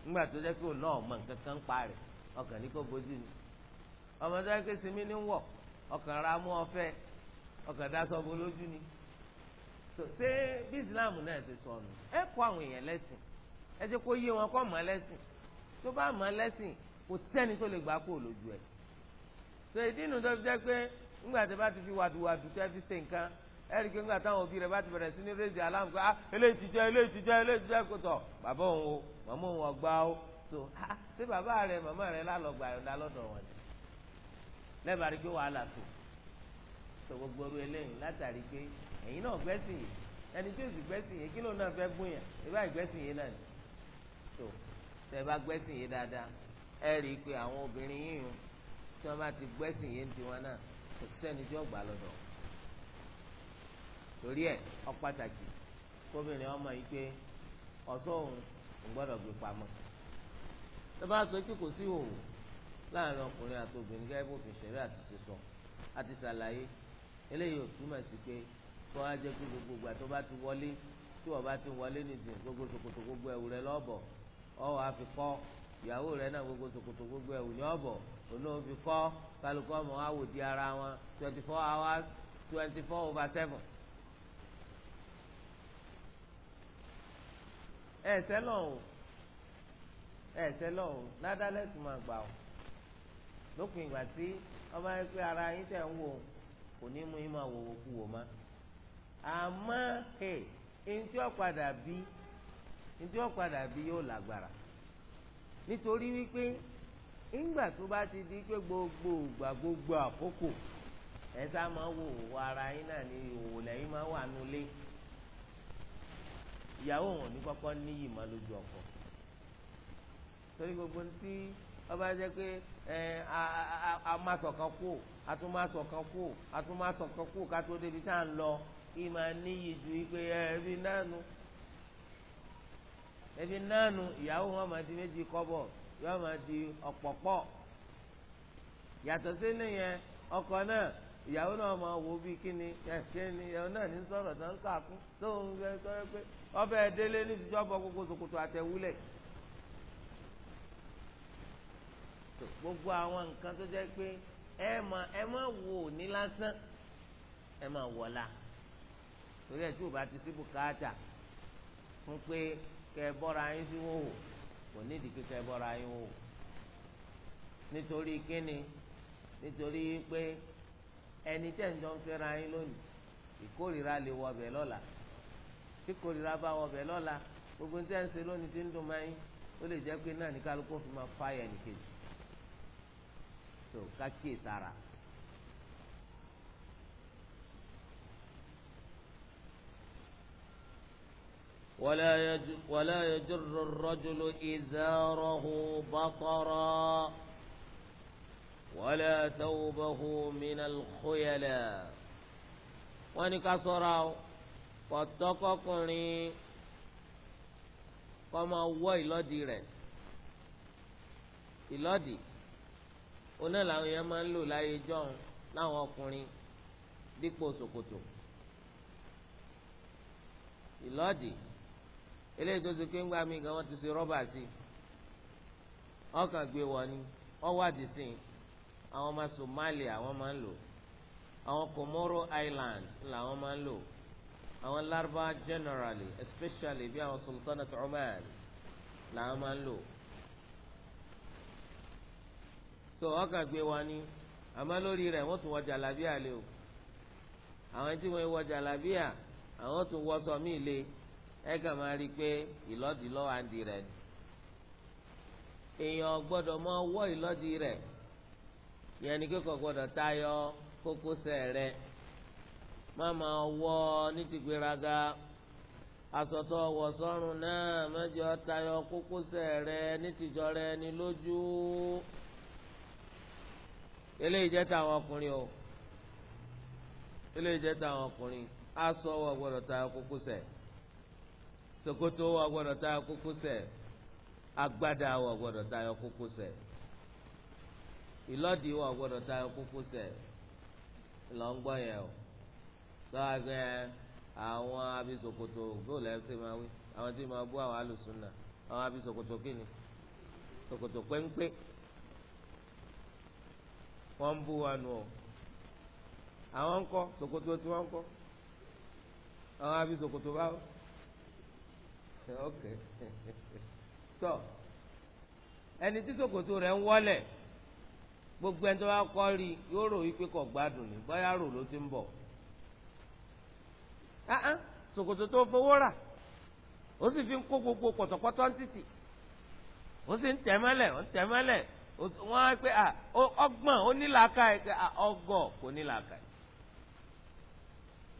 [SPEAKER 1] nígbà tó jẹ́ pé òun náà mọ nǹkan kan pa rẹ̀ ọkàn ní kó bójú ni ọmọ tó jẹ́ pé sinmi ní wọ̀ ọkàn ra mú ọfẹ́ ọkàn dasọ bo lójú ni ṣé bí Islam náà ṣe tó bá mọ̀ lẹ́sìn kò sẹ́ni tó lè gbà kó lójú ẹ̀ tó ìdí inú tó fi jẹ́ pé ńgbà tí bá ti fi wàdùwàdù tẹ́ fi ṣe nǹkan ẹ̀rí ńgbà táwọn òbí rẹ̀ bá ti bẹ̀rẹ̀ sí ní rẹ́sì aláàmù pé ah eléyìí ti jẹ́ eléyìí ti jẹ́ eléyìí ti jẹ́ kó tọ̀ bàbá òun o màmá òun ọgbà o tó ah ṣé bàbá rẹ̀ màmá rẹ̀ lálọ́gbà yọ̀ǹda lọ́dọ̀ wọn ni lẹ́bàá rí pé wàhálà tó tó gbogbo orí eléyìí látàrí pé ẹ̀yin náà gbẹ́sìn yìí ẹni tí sì gbẹ́sìn yìí kí ló náà fẹ́ gún ìbá ìgbẹ́sìn yìí náà ni tó tẹ́ bá gbẹ́sìn yìí dáadáa ẹ rí i pé àwọn obìnrin yìí yùn tí wọ́n bá ti gbẹ́sìn yìí tiwọn náà kò sẹ́ni tí ó gbà lọ́dọ̀ torí ẹ̀ ọ pàtàkì kóbìnrin ọmọ yìí pé ọ̀ṣọ́ òun ń gbọ́dọ̀ gbé pamọ́ tó bá sọ pé kò sí òwò láàrin ọkùnrin àti obìnrin gẹ́gẹ́ bó fi ṣẹ̀rí àti ṣe sọ àti ṣàlàyé eléyìí ò túmọ̀ sí pé kó wá jẹ́ pé gbogbo ìgbà tó bá ti wọlé tí wọ́n bá ti wọlé nìsín gbogbo ṣòkòtò gbogbo ẹ̀wù rẹ lọ́bọ̀ọ́ ọwọ àfi kọ ìyàwó rẹ náà gbogbo sokoto gbogbo ẹwù ni ọbọ òun fi kọ kálukọ ọmọ ara wọn twenty four hours twenty four over seven. ẹ sẹlọ o ẹ sẹlọ o tí ọmọ yẹn pé ara yín tẹ̀ ń wò kò ní mú yín máa wò wò kú wò tí ó padà bí. ntí ó padà bí yóò lágbára nítorí wípé ńgbà tó bá ti di pé gbogbo ìgbà gbogbo àkókò ẹ sá máa wò wò ara yín náà ní ìhòòhò lẹ́yìn máa wà nulẹ ìyàwó wọn ní kọ́kọ́ níyì máa lójú ọkọ torí gbogbo ntí ọba jẹ́ pé ẹ amásọkan kú atúmásọkan kú atúmásọkan kú kátó débi tá à ń lọ ìmọ̀ níyì ju ìpè ẹ ẹbí náà nu ebi nanu ìyàwó wọn máa di méjì kọ́bọ̀ yóò máa di ọ̀pọ̀pọ̀ yàtọ̀ sí nìyẹn ọkọ náà ìyàwó náà máa wo bí kíni kíni ìyàwó náà ní sọ̀rọ̀ tó ń kàkún tó ń gbé sọ̀rọ̀ pé ọbẹ̀ délé ní ti gbogbo gbogbo àwọn nǹkan tó jẹ pé ẹ máa ẹ máa wò ní lásán ẹ kẹ bọ́ra yín sí wò kò nídìí pé kẹ bọ́ra yín wò nítorí kíni nítorí pé ẹni tẹ̀ ń jọ ń fẹ́ra yín lónìí ìkórìíra lè wọ ọbẹ̀ lọ́la tí kórìíra bá wọ ọbẹ̀ lọ́la gbogbo ní tẹ̀ ń ṣe lónìí tí ń dùn máa yín ó lè jẹ́ pé náà ní kálukú fi máa fáyà nìkejì tó ká So, ولا يج ولا يجر الرجل إزاره بطرا ولا ثوبه من الخيلاء wọ́n ní ká sọ́ra o pọ̀tọ́kọkùnrin kọ́ máa wọ́ ìlọ́dì rẹ̀ ìlọ́dì oná làwọn èèyàn máa ń lò láyé jọ́hún láwọn ọkùnrin dípò ṣòkòtò ìlọ́dì eléyìí tó ṣe pé ńgbà mí gan wọ́n ti ṣe rọ́bà sí i ọkàn gbé wọn ni ọwádìí sí àwọn ọmọ Somalia wọ́n máa ń lò àwọn Comoro Island làwọn máa ń lò àwọn Larba generally especially bí àwọn Sultanate Oman làwọn máa ń lò so ọkàn gbé wọn ni àmọ́ lórí rẹ̀ wọ́n tún wọ jàlábíà lé o àwọn tí wọ́n wọ jàlábíà àwọn tún wọ sọ mí lé o ẹ kàn máa rí i pé ìlọ́dì lọ́wọ́ àǹdí rẹ̀ ni èèyàn gbọ́dọ̀ máa wọ́ ìlọ́dì rẹ̀ yẹn ni kíkọ̀ gbọ́dọ̀ tayọ kókósẹ̀ rẹ̀ má máa wọ́ ní ti gbéraga asọtọ wọ náà mẹjọ tayọ kókósẹ̀ rẹ̀ ní rẹ̀ ni lójú eléyìí jẹ́ tàwọn ọkùnrin o eléyìí jẹ́ tàwọn ọkùnrin asọ wọ gbọ́dọ̀ tayọ kókósẹ̀ rẹ̀. Sokoto wa gbọ́dọ̀ tayọ kókósẹ̀ agbádá wa gbọ́dọ̀ tayọ kókósẹ̀ ìlọ́dì wa gbọ́dọ̀ tayọ kókósẹ̀ ìlọ́ngbọ́n yẹn o gbàgbẹ́ àwọn abisokoto góòlù ẹsẹ máa wí àwọn tí máa bú àwọn alùsùnà àwọn abisokoto kìíní sokoto pẹ́ńpẹ́ wọ́n ń bú wa nù ọ́ àwọn ń sokoto tí wọ́n ń àwọn abisokoto báwo. ok so ẹni tí ṣòkòtò rẹ̀ ń gbogbo ẹni tó bá kọ́ rí yóò rò wípé kò gbádùn ní bóyá rò ló ti ń bọ̀ ahán ah, tó fowó rà ó sì fi ń kó gbogbo pọ̀tọ̀pọ̀tọ̀ ń títì ó sì ń tẹ̀mẹ́lẹ̀ ó ń tẹ̀mẹ́lẹ̀ wọ́n á pé ah, ọgbọ́n ó ah, kò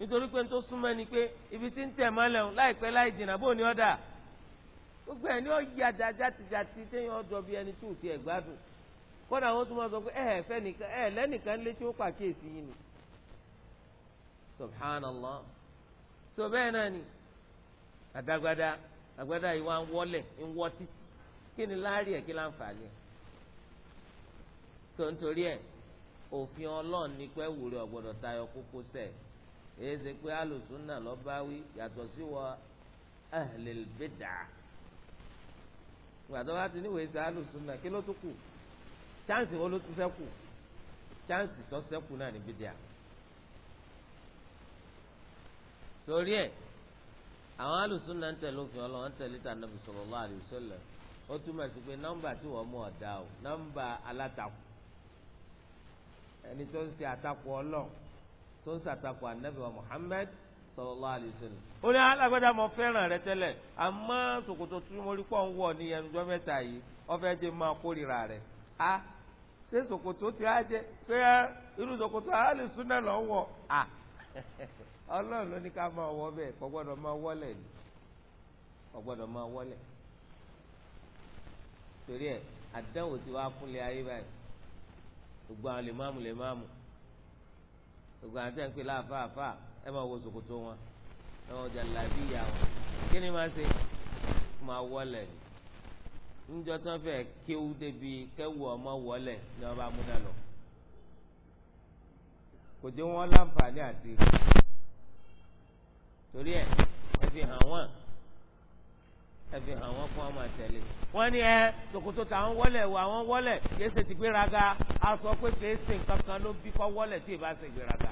[SPEAKER 1] nítorí pé tó súnmọ́ ẹni pé ibi tí ń tẹ̀ mọ́lẹ̀ ń láìpẹ́ láì jìnnà bó ni ọ̀dà gbogbo ẹ̀ ní ọ̀yà jàjàtìjàtì téèyàn ọ̀dọ̀ bíi ẹni tí ò tiẹ̀ gbádùn kódà wọ́n tún máa sọ pé ẹ̀ fẹ́ nìkan ẹ̀ lẹ́nìkan lé tí ó pàkíyèsí yìí ni subhanallah so bẹ́ẹ̀ náà ni àdàgbàdà àgbàdà yìí wá ń ń wọ títì kí ni ẹ̀ kí láǹfààní ẹ̀ tó ẹ̀ èyí ṣe pé alùsùnà lọ bá wí yàtọ̀ sí wọ ahlil bidà gbàtọ́ bá ti níwèé ṣe alùsùnà kí ló tún kù chance wo ló tún ṣẹ́kù chance tó ṣẹ́kù náà ní bidà torí ẹ àwọn alùsùnà ń tẹ̀lé òfin ọlọ́run ń tẹ̀lé tà nàbì sallallahu alaihi wasallam ó túmọ̀ sí pé nọ́mbà tí wọ́n mú ọ̀dà o nọ́mbà alátakò ẹni tó ń ṣe àtakò ọlọ́run tó ń ṣàtakò anabi wa muhammed sallallahu alaihi ó ní alágbádá mo fẹ́ràn rẹ tẹ́lẹ̀ àmọ́ ṣòkòtò tí pọ̀ ń wọ̀ ní ẹnudọ́ mẹ́ta yìí ọ̀fẹ́ jẹ́ máa rẹ̀ a ṣé ti á jẹ pé wọ̀ a ọlọ́run ló ní ká wọ bẹ́ẹ̀ máa ni máa torí àdánwò ti wá ayé báyìí gbogbo àti ẹ̀ ń pè láàfà àfà ẹ máa wo ṣòkòtò wọn ẹ máa jà làbí ìyá wọn kí ni máa ṣe máa wọlé níjọ tán fẹ́ kéwú débi kẹwù ọmọ wọlé ni wọn bá mú dá lọ kò jẹ́ wọn láǹfààní àti torí ẹ̀ ẹ fi hàn wọn ẹfi hàn wọn fún ọmọ àtẹlẹ wọn ni ẹ ṣòkòtò táwọn wọlẹ wọ àwọn wọlẹ kìí ṣe ti gbéraga a sọ pé kìí ṣe nǹkan kan ló bí kọ wọlẹ tí ìbá ṣe gbéraga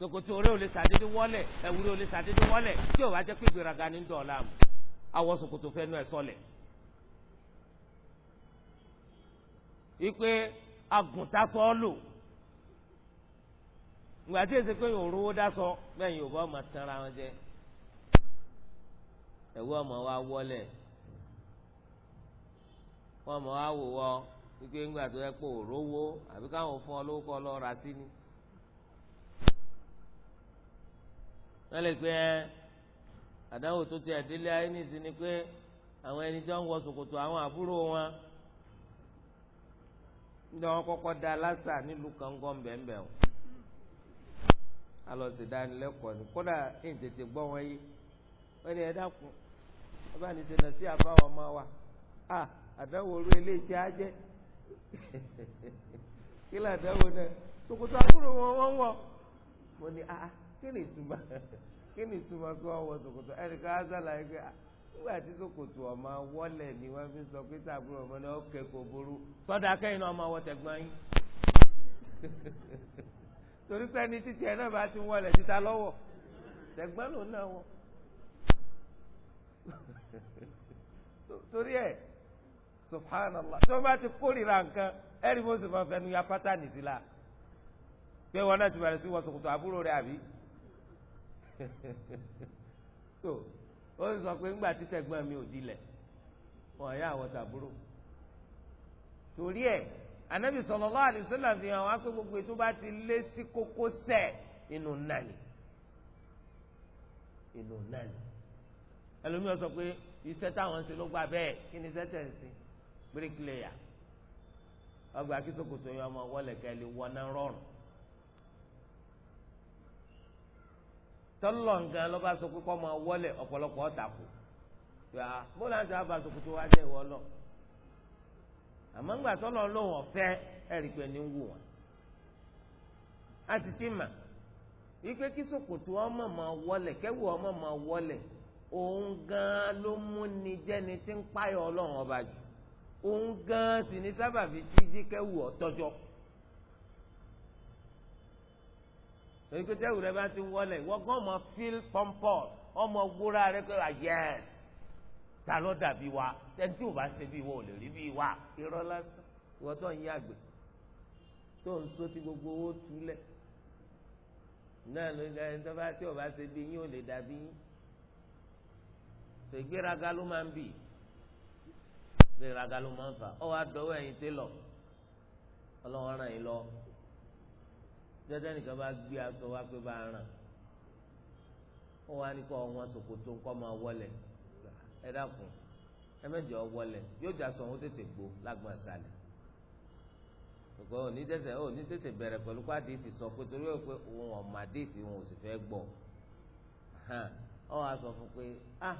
[SPEAKER 1] ṣòkòtò orí ò lè ṣàdédé wọlẹ ẹwúrẹ ò lè ṣàdédé wọlẹ tí ò bá jẹ pé gbéraga ní dọ̀ọ̀la mu àwọ ṣòkòtò fẹ́ nu ẹ̀ sọlẹ̀ ipe agùntà sọ ọ lò ìgbà tí èsì pé yòó rówó dá sọ bẹ́ẹ̀ yòó bá ọmọ tẹ́ra wọn jẹ́ ewu ọmọ wa wọlẹ̀ wọ́n mọ̀ wò wọ́ wípé ńgbà tó yẹ pé òrówó àbí káwọn fún ọ lówó ra sí ni. wọ́n lè pe ẹ́ àdáwò tó ti ẹ̀dílé ayé nìsín ni pé àwọn ẹni tó ń wọ wọn da lásà nílùú kankan bẹ́ẹ̀nbẹ́ẹ̀ o alọ̀sídánilẹ́kọ̀ọ́ ni kódà bá ní ṣe nà sí àfáwọn ọmọ wa à àdáwò orí eléyìí tí a jẹ kí lè àdáwò náà ṣòkòtò àbúrò wọn wọ́n wọ̀ mo ní a kí ni ìtumọ̀ kí ni ìtumọ̀ kí wọ́n wọ ṣòkòtò ẹnìkan á sàlàyé pé nígbà tí ṣòkòtò ọmọ wọlé ni wọ́n fi sọ pé tàbúrò ọmọ náà kẹ kò burú sọdọ akẹyìn náà ọmọ wọtẹ gbọn yín torí pé ẹni títí ẹ náà bá ti wọlé títa lọ́wọ́ tẹ̀gbọ́n lòun náà wọ̀ torí ẹ subhanallah tí wọn bá ti kórìíra nǹkan ẹrí bó sì máa fẹnu ya pátánì sí la pé wọn náà ti bẹ̀rẹ̀ sí wọ àbúrò rẹ àbí so ó sọ pé ńgbà tí tẹ̀gbọ́n mi ò dilẹ̀ wọn yà àwọn tàbúrò torí ẹ anabi sallallahu alaihi wasallam fi hàn wá pé gbogbo ètò bá ti lé sí kókó sẹ inú nàní inú nàní ẹlòmíì ọ sọ pé iṣẹ́ táwọn ń ṣe ló gbà bẹ́ẹ̀ kí ni iṣẹ́ tẹ̀ ń ṣe bíríkìlẹ̀yà ọgbà kí ṣòkòtò yẹn ọmọ wọlẹ̀kẹ́ lè wọná rọrùn. tọ́lọ̀ nǹkan lọ́ba sọ pé kọ́ máa wọlé ọ̀pọ̀lọpọ̀ ọ̀tàkù yà á bó láti àbá ṣòkòtò wá jẹ́ ìwọ lọ. àmọ́ ńgbà tọ́lọ̀ lóun ọ̀fẹ́ ẹ̀rí ní wù wọ́n. a sì ti mà wípé kí ṣòkòtò ọmọ máa wọlé kẹ́wù ọmọ máa òun gan ló mú ni jẹni tí ń páyọ Ọlọ́run ọba jù òun gan sì ní sábàbí tí jíkẹwù ọtọjọ èyí pé tẹwù rẹ bá ti wọlé wọn gan ọmọ feel pompous ọmọ wúra rẹ pé wà ah, yes ta ló dàbí wa ẹni tí ò bá ṣe bí wa ò lè rí bí wa irọ́ lásán ìwọ tó ń yàgbẹ́ tó ń so tí gbogbo owó túlẹ̀ náà ló ń gbà ẹni tó bá tí ò bá ṣe bí yín ò lè dàbí yín tó ìgbéraga ló máa ń bì ìgbéraga ló máa ń fà ọ wá dọwọ́ ẹ̀yin télọ̀ Ọlọ́run ràn yín lọ jẹjẹ nìkan bá gbé aṣọ wá pé bá ràn ó wá ní kó wọn ṣòkòtò ńkọ máa wọlẹ̀ ẹ dákun ẹ mẹjọ wọlẹ̀ yóò jà sọ òun tètè gbó lágbọn àṣàlẹ gbogbo òní tètè òní tètè bẹ̀rẹ̀ pẹ̀lú kó àdéhìsì sọ pé torí ó pé òun ọmọ àdéhìsì òun ò sì fẹ́ gbọ́ ọ wá sọ fún pé ah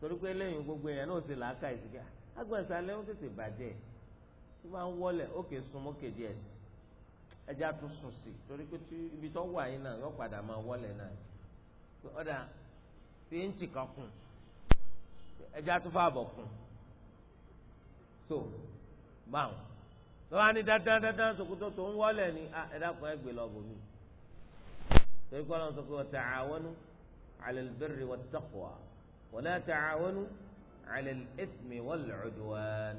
[SPEAKER 1] torí pé lẹ́yìn gbogbo èèyàn náà ṣe làákà ìsìkà ah, agbọ̀nsalẹ̀ tètè bàjẹ́ tó bá ń wọlé òkè súnmọ́ kejì ẹ̀ sí ẹja tó sùn sí torí pé ibi tó wà yìí náà yóò padà máa wọlé náà ọ̀dà fi ń tì kan kùn ẹja tó fà bọ̀ kùn tó báwọn lọ́wọ́ á ní dandan dandan sòkòtò tó ń wọlé ni ah, wala ta'awanu 'ala al-ithmi wal-'udwan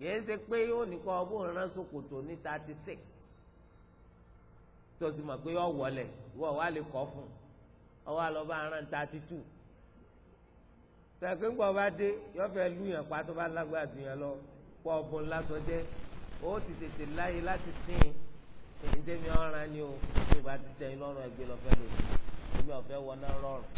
[SPEAKER 1] kìí ṣe pé yóò nìkan ọgbọ́n rán ṣòkòtò ní thirty six tó sì mọ̀ pé yọ wọlé ìwọ wa lè kọ́ fún ọwọ́ àlọ́bá rán thirty two tẹ̀sán gbọ́ bá dé yọ fẹ́ lu yàn pa tó bá lágbára dùn yàn lọ pọ̀ ọ̀bùn lásán ó ti tètè láyé láti sìn èyí tẹ́mi ọ̀ràn ni o ìgbà ti tẹ̀yìn lọ́rùn ẹgbẹ́ lọ́fẹ́ lòdì èmi ọ̀fẹ́ wọná rọrùn.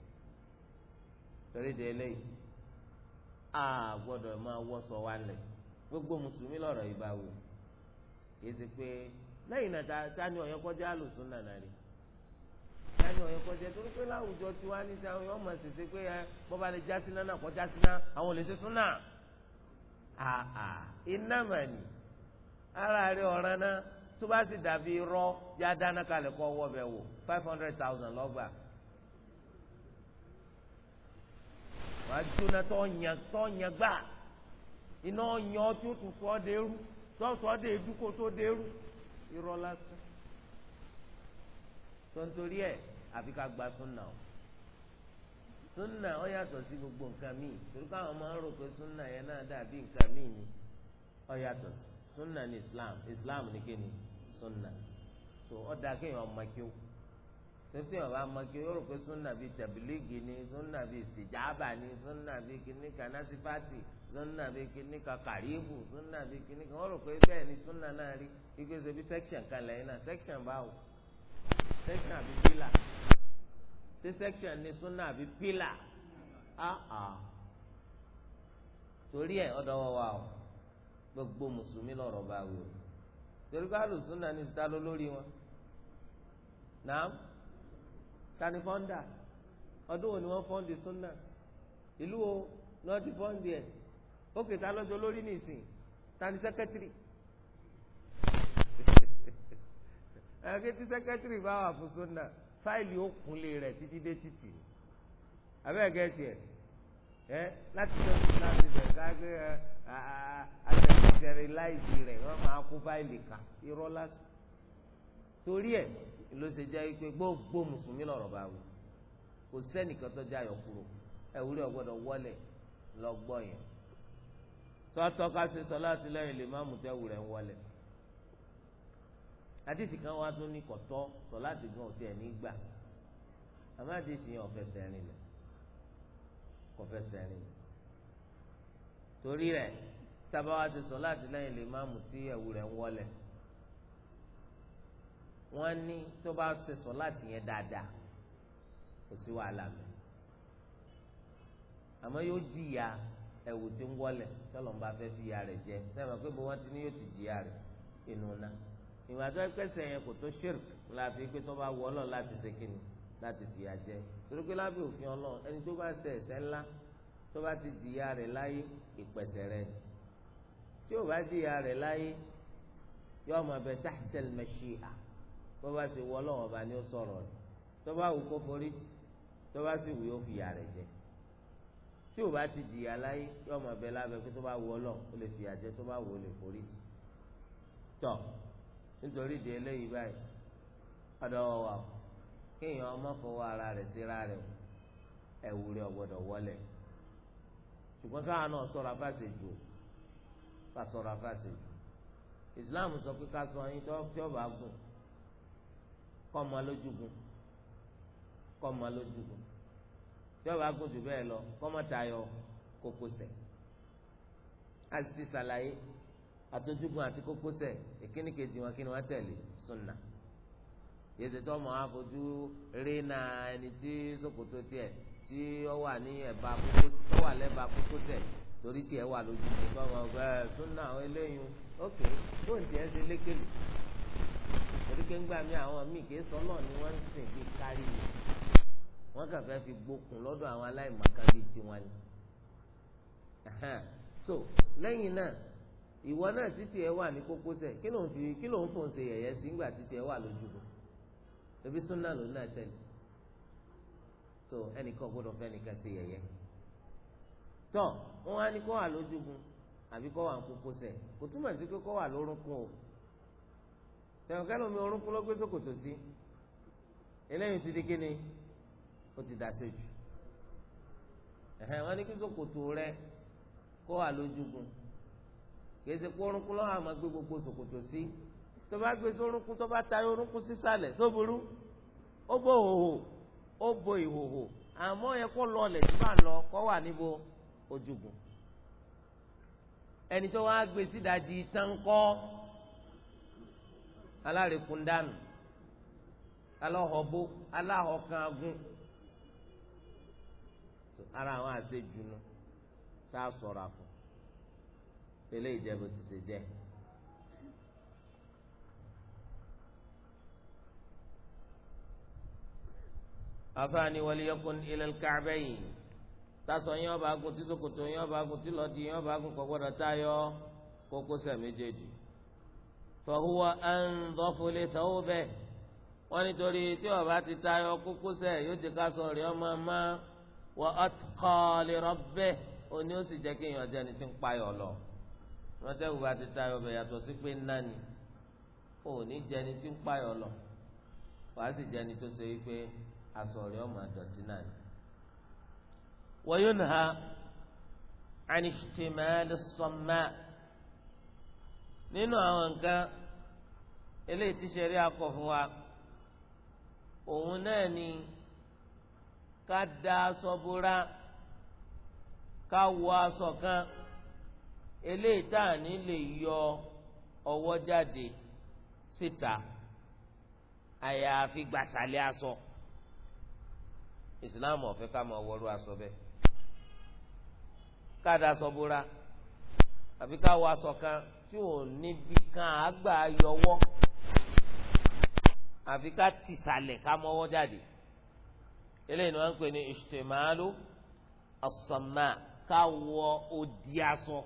[SPEAKER 1] torí de eléyìí a gbọdọ máa wọṣọ wa lẹ gbogbo mùsùlùmí lọrọ yìí bá wù yìí sì pé lẹ́yìn náà tani ọyọ kọjá àlùsùn nànà rè tani ọyọ kọjá torí pé láwùjọ tiwa ní ti àwọn ọmọ ṣẹṣẹ pé ẹ bọba lè já síná náà kọjá síná àwọn lè ṣe iná ara rẹ ọ̀ràn náà tó bá sì dàbí irọ́ yá dáná kalẹ̀ kọ́ wọ́ bẹ̀ wò five wàá jóná tó yàn tó yàn gbà iná yàn tí ó tún sọ ọ́ dẹ́rú tó gbogbo nǹkan míì torí káwọn máa ń rò pé súnà yẹn náà dàbí nǹkan míì ni ó yàtọ̀ sí Islam Islam ní kéde súnà so ọ dáa kéèyàn ọmọ tẹ́tí wọn bá mọ kí ó rò pé sunna bíi tabiligi ni sunna bíi istijaba ni sunna bíi kìnnìkan nasifati sunna bíi kìnnìkan karibu sunna bíi kìnnìkan ó rò pé bẹ́ẹ̀ ni sunna náà rí ike ṣe bí section kan lẹ́yìn náà section báwo section àbí pillar ṣé section ni sunna àbí ah ah, torí ẹ̀ ọ̀dọ̀ wọ́n wà o gbogbo mùsùlùmí lọ́rọ̀ báwo torí ká lùsùn náà ní sítá wọn náà tani fọ́ńdà ọdún wo ni wọ́n fọ́ńdì súnà ìlú wo ni wọ́n ti fọ́ńdì ẹ̀ ó kèta lọ́jọ́ lórí nìsín tani sẹ́kẹ́tìrì ẹ̀kẹ́ tí sẹ́kẹ́tìrì bá wà fún súnà fáìlì ó kunlé rẹ̀ títí dé títì abẹ́ẹ̀kẹ́ tiẹ̀ ẹ láti lọ sí láti bẹ̀ káàkiri ẹ àtẹ̀sẹ̀rẹ̀ láìsí rẹ̀ wọ́n máa kó fáìlì ká irọ́ lásán torí ẹ̀ ló ṣe jẹ́ pé gbogbo mùsùlùmí lọ̀rọ̀ bá wù kò sẹ́nìkan tó jáyọ̀ kúrò ẹ̀wúrẹ́ ọ̀gbọ́dọ̀ wọlé lọ́gbọ́ yẹn sọ́tọ́ ká ṣe sọ láti lẹ́yìn lè má mú tẹ́wù rẹ̀ ń wọlé àdìsí kan wá tún ní kọ̀tọ́ sọ láti gan ọ̀tí ẹ̀ nígbà àmọ́ àdìsí yẹn ọ̀fẹ́sẹ̀ rìn lẹ̀ ọ̀fẹ́sẹ̀ rìn torí rẹ̀ tábà wá ṣe sọ láti lẹ́yìn lè má mú tí ẹ̀wù rẹ̀ ń wọ́n ní tó bá ṣe sọ láti yẹn dáadáa kò sí wàhálà mẹ́ àmọ́ yóò jìyà ẹ̀wù tí ń wọlẹ̀ tọ́lọ̀ ń bá fẹ́ fi ya rẹ̀ jẹ sẹ́wọ̀n pé bó wọ́n ti ní yóò ti jìyà rẹ̀ inú na ìwà tó kẹsẹ̀ yẹn kò tó ṣírk láàfin pé tó bá wọ ọlọ́ láti ṣe kíni láti fi ya jẹ torí pé lábẹ́ òfin ọlọ́run ẹni tó bá ṣe ẹ̀ṣẹ̀ ńlá tó bá ti jìyà rẹ̀ láyé ìpẹ̀sẹ̀ rẹ̀ ni tí ò bá jìyà rẹ̀ láyé yóò máa bẹ tahtal mashi'a bó bá ṣe wọ ọlọ́wọ́n ọba ni ó sọ̀rọ̀ rẹ̀ tó bá wù kó forí jì tó bá sì wù yóò fi ìyà rẹ̀ jẹ tí ò bá ti jìyà láyé yóò mọ̀ bẹ́ẹ̀ lábẹ́ pé tó bá wù ọlọ́wọ́n ó lè fi ìyà jẹ tó bá wù ó lè forí jì tọ̀ nítorí ìdí eléyìí báyìí ọ̀dọ̀ wà kéèyàn ọmọ ara rẹ̀ síra rẹ̀ ẹ̀wù rẹ̀ ọ̀gbọ́dọ̀ wọlé ṣùgbọ́n káwọn náà sọ̀rọ̀ afáṣe jù ká sọ̀rọ̀ afáṣe jù ìsìláàmù sọ pé ká sọ ẹyin tó ọba gùn kọ́ ma lójúgun kọ́ ma lójúgun tí ọba gùn jù bẹ́ẹ̀ lọ kọ́ ma tayọ kókósẹ̀ a sì ti ṣàlàyé àtọ́júgun àti kókósẹ̀ ìkíni kejì wọn kí ni wọ́n tẹ̀lé sunna yéèdè tó ọmọ afojú rí na ẹni tí ṣòkòtò tiẹ̀ tí ó wà ní ẹ̀bà kókósẹ̀ tó wà lẹ́bà kókósẹ̀ torí tiẹ̀ wà lójú kí ọmọ ọgbẹ́ sunna eléyìí ókè tó ń tiẹ̀ ṣe lékele torí pé ńgbà mí àwọn míì kì í sọ náà ni wọ́n ń sìn bíi kárí mi wọ́n kàn fẹ́ fi gbókun lọ́dọ̀ àwọn aláìmọ̀kan bíi tiwọn ni so lẹ́yìn náà ìwọ náà títí ẹ wà ní kókósẹ̀ kí ló ń fi kí ló ń fò ń ṣe yẹ̀yẹ́ sí ńgbà títí ẹ wà lójú bò tòbí súnà ló náà tẹ̀lé so ẹnìkan gbọ́dọ̀ fẹ́ nìkan ṣe yẹ̀yẹ́ tọ́ wọ́n wá ní kọ́ wà lójúgun àbí kọ́ wà ń kókósẹ̀ kò túmọ̀ sí pé kọ́ wà lórúnkún o. tẹ̀wọ̀n kálọ̀ mi orúnkún lọ́gbé sòkòtò sí eléyìí ti di kíni ó ti dàṣe jù ẹ̀hẹ́n wọ́n ní kí sòkòtò rẹ kó wà lójúgun kìí ṣe kó orúnkún lọ́wọ́ gbé gbogbo sòkòtò sí tó bá gbé tó bá sísàlẹ̀ sóburú ó ìhòhò ó ìhòhò yẹ kó lọ tí máa lọ kó wà níbo ojúgun ẹni tó wá gbé tán kọ́. alárekundánù aláhọ̀bó aláhọ̀kangún ara àwọn àṣejùnú tá a sọ̀rọ̀ àpò eléyìí jẹ́ bó ti ṣe jẹ́. afaani waliyakun ilal ka'bayn tasọ yẹn ọba agun tí sokoto yẹn ọba agun tí lọdi yẹn ọba agun kò gbọdọ̀ tayọ kókósẹ̀ méjèèjì. fọwọ́ àǹdọ́fọlẹ̀ tọ́wọ́ bẹ́ẹ̀ wọ́n nítorí tí ọba ti tayọ kókósẹ̀ yóò ti ká sọ rí ọmọ ọmọ wọ́n ọtíkọ́ọ̀lì rọ́bẹ̀ òní ó sì jẹ́ kí èèyàn jẹ́ni tí ń payọ̀ lọ. wọ́n tẹ́ ọba ti tayọ bẹ̀ yàtọ̀ sí pé nání nínú àwọn nǹkan eléyìí tí sẹ́rí akọ fún wa òun náà ni ká da aṣọ bora ká wọ aṣọ kan eléyìí tá à ní lè yọ ọwọ́ jáde síta àyàfi gbàsálẹ̀ aṣọ ìsìláàmù ọ̀fẹ́ ká máa wọlú aṣọ bẹ́ẹ̀ ká da aṣọ bora àfi ká wọ aṣọ kan tí ò níbi kan àgbà yọwọ́ àfi ká tì sàlẹ̀ ká mọ́wọ́ jáde eléyìí ni wọ́n ń pè ní ìṣtèmálú ọ̀sánmá ká wọ odi aṣọ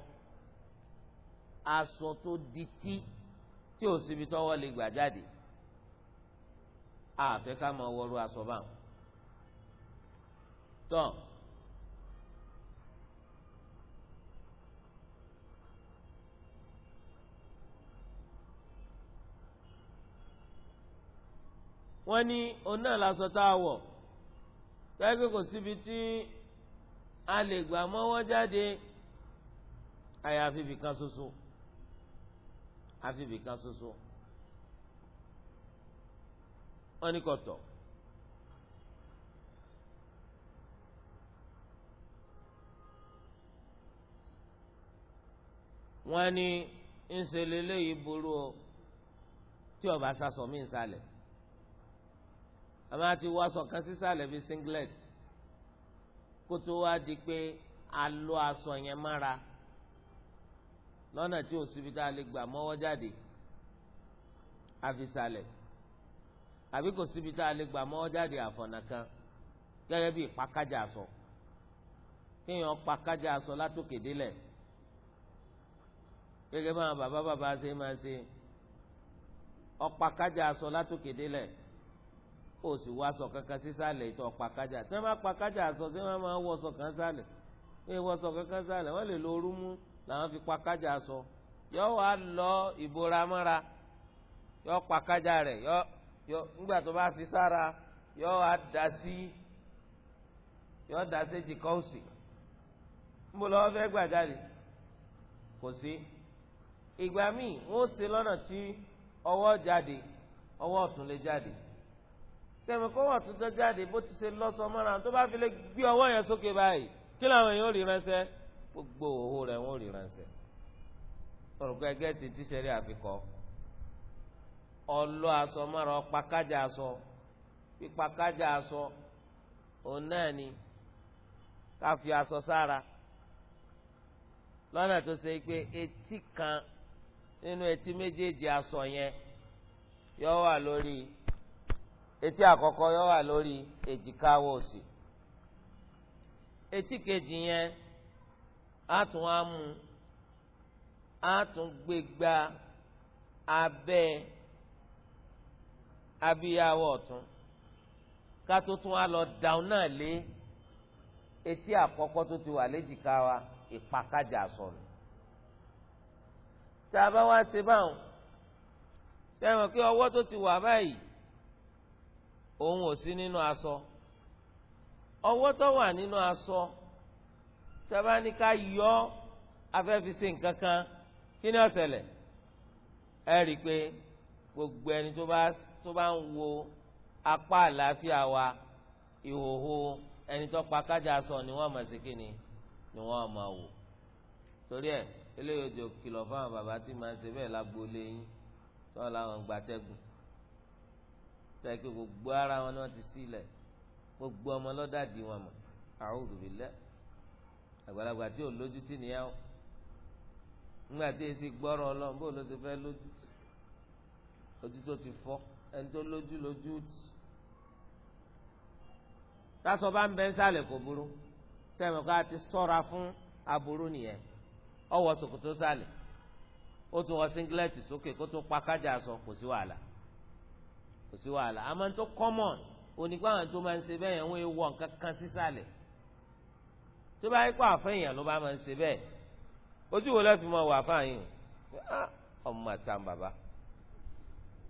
[SPEAKER 1] aṣọ tó di tí tí ò síbi tọ́wọ́ lè gbà jáde àfẹ́ ká máa wọrú aṣọ báwọn. tán. wọ́n ní oná lásọ tá a wọ̀ gbẹ́gbẹ́ kò síbi tí a lè gbà mọ́wọ́ jáde àyàfi ibìkan ṣoṣo àfi ibìkan ṣoṣo wọ́n ní kọ̀tọ̀. wọ́n ní ńṣe lélẹ́yìí burú o tí ọba sasọ̀ mí ń salẹ̀ àmọ́ àti wọ aṣọ kan sísàlẹ̀ bíi singlet kó tó wá di pé a lọ aṣọ yẹn mára lọ́nà tí ò síbi tá a lè gbà mọ́wọ́ jáde àfisàlẹ̀ àbí kò síbi tá a lè gbà mọ́wọ́ jáde àfọ̀nà kan gẹ́gẹ́ bíi ìpàkájà aṣọ kéèyàn pàkájà aṣọ látòkè délẹ̀ gẹ́gẹ́ báwọn bàbá bàbá ṣe máa ṣe ọ̀pàkájà aṣọ látòkè délẹ̀. ó sì wá sọ kankan sísàlẹ̀ ìtọ̀ pàkájà tí wọ́n bá pàkájà aṣọ sí wọ́n máa wọ aṣọ kan sálẹ̀ wọ́n wọ aṣọ kankan sálẹ̀ wọ́n lè lo orú mú làwọn fi pàkájà aṣọ yọ wá lọ ìbora mọ́ra yọ pàkájà rẹ̀ yọ yọ nígbà tó bá fi sára yọ wá dá sí yọ dá sí jìkọ́ òsì níbo lọ́wọ́ fẹ́ gbà jáde kò sí ìgbà míì wọ́n ó ṣe lọ́nà tí ọwọ́ jáde ọwọ́ ọ̀tún lè jáde sẹ́mi kó wọ́n tuntun jáde bó ti ṣe lọ́sọ mọ́ra tó bá fi lè gbé ọwọ́ yẹn sókè báyìí kí làwọn èèyàn ò rí ránṣẹ́ gbogbo òhò rẹ̀ wọ́n ò rí ránṣẹ́ olùkọ́ ẹgẹ́ ti ti ṣeré àfikọ́ ọlọ́ aṣọ mọ́ra ọ̀pákájà aṣọ pípakájà aṣọ òun náà ni ká fi aṣọ sára lọ́nà tó ṣe pé etí kan nínú etí méjèèjì aṣọ yẹn yọ wà lórí etí àkọ́kọ́ yọ wà lórí èjìká ọwọ́ òsì etí kejì yẹn á tún á mú á tún gbé gba abẹ́ abíyáwó ọ̀tún ká tó tún á lọ dáun náà lé etí àkọ́kọ́ tó ti wà léjìká wa ìpakájà sọnù tá a bá wá ṣe báwọn ṣe é mọ̀ pé ọwọ́ tó ti wà báyìí òun ò sí nínú aṣọ ọwọ́ tó wà nínú aṣọ tabaníka yọ afẹ́fisẹ́ nǹkan kí ni ó ṣẹlẹ̀ ẹ rí i pé gbogbo ẹni tó bá tó bá ń wo apá àlàáfíà wa ìhòhò ẹni tó pa kájà aṣọ ni wọ́n mọ̀ sí kí ni ni wọ́n mọ̀ wò torí ẹ eléyòjò kìlọ̀ fáwọn bàbá tí màá ṣe bẹ́ẹ̀ lágbo léyìn tó làwọn gbàtẹ́gùn tẹ́ pé gbogbo ara wọn ni wọ́n ti sílẹ̀ gbogbo ọmọ lọ́dàdì wọn mọ̀ a'udhu billah àgbàlagbà tí ò lójú tì nìyà ó ńgbà tí èsì gbọ́rọ̀ ọlọ́run bó ló ti fẹ́ lójú tì ojú tó ti fọ́ ẹni tó lójú lójú tì tásọ bá ń bẹ nsàlẹ̀ kò burú sẹ́mi ká ti sọ́ra fún aburú nìyẹn ó wọ ṣòkòtò ó tún wọ singlet sókè kó tún pa kájà sọ kò sí wàhálà kò sí wàhálà àmọ́ tó common onígbà àwọn tó máa ń ṣe bẹ́ẹ̀ yẹn wọ́n wọ̀ nǹkan kan sísàlẹ̀ tó bá yẹ kó àfẹ́yàn ló bá máa ń ṣe bẹ́ẹ̀ ojú wo lọ́ọ́ fi mọ wà fáyìn ọmọ àtàn bàbá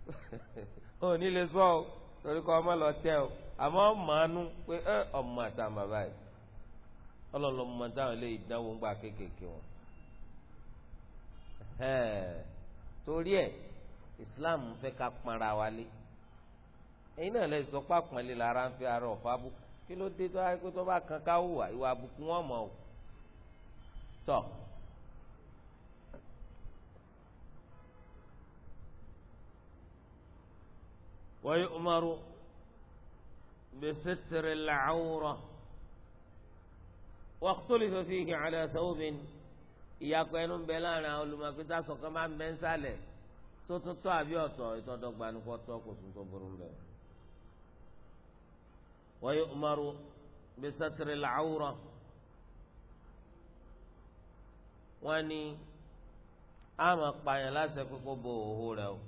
[SPEAKER 1] ò ní lè sọ ọ torí kọ́ ọmọ lọ tẹ ọ àmọ́ màánú pé ọmọ àtàn bàbá yìí ọlọ́lọ́ mọ táwọn eléyìí dánwò ń gbà kéékèèké wọn torí ẹ Islam fẹ́ ká pọnra wa lé ẹ̀yin náà lè sọ pé àpọ̀nlé lára ń fi ara ọ̀fọ̀ abúkù kí ló dé tó ayé pé tó bá kan ká hùwà ìwà àbùkù wọn mọ̀ ọ́ tọ̀. wọ́n umaru bisitiri lacawra waqtuli fifihi cala thawbin ìyàpọ̀ ẹnu bẹ láàrin àwọn olùmọ̀kítà máa ń bẹ́ ń sálẹ̀ sótútọ́ àbí ọ̀tọ̀ ìtọ́dọ̀gbanukọ́ tọ́ kò sùn tó burú bẹ́ẹ̀. ويؤمر بستر العورة واني àmọ́ pààyàn láṣẹ kókó bo òhò rẹ o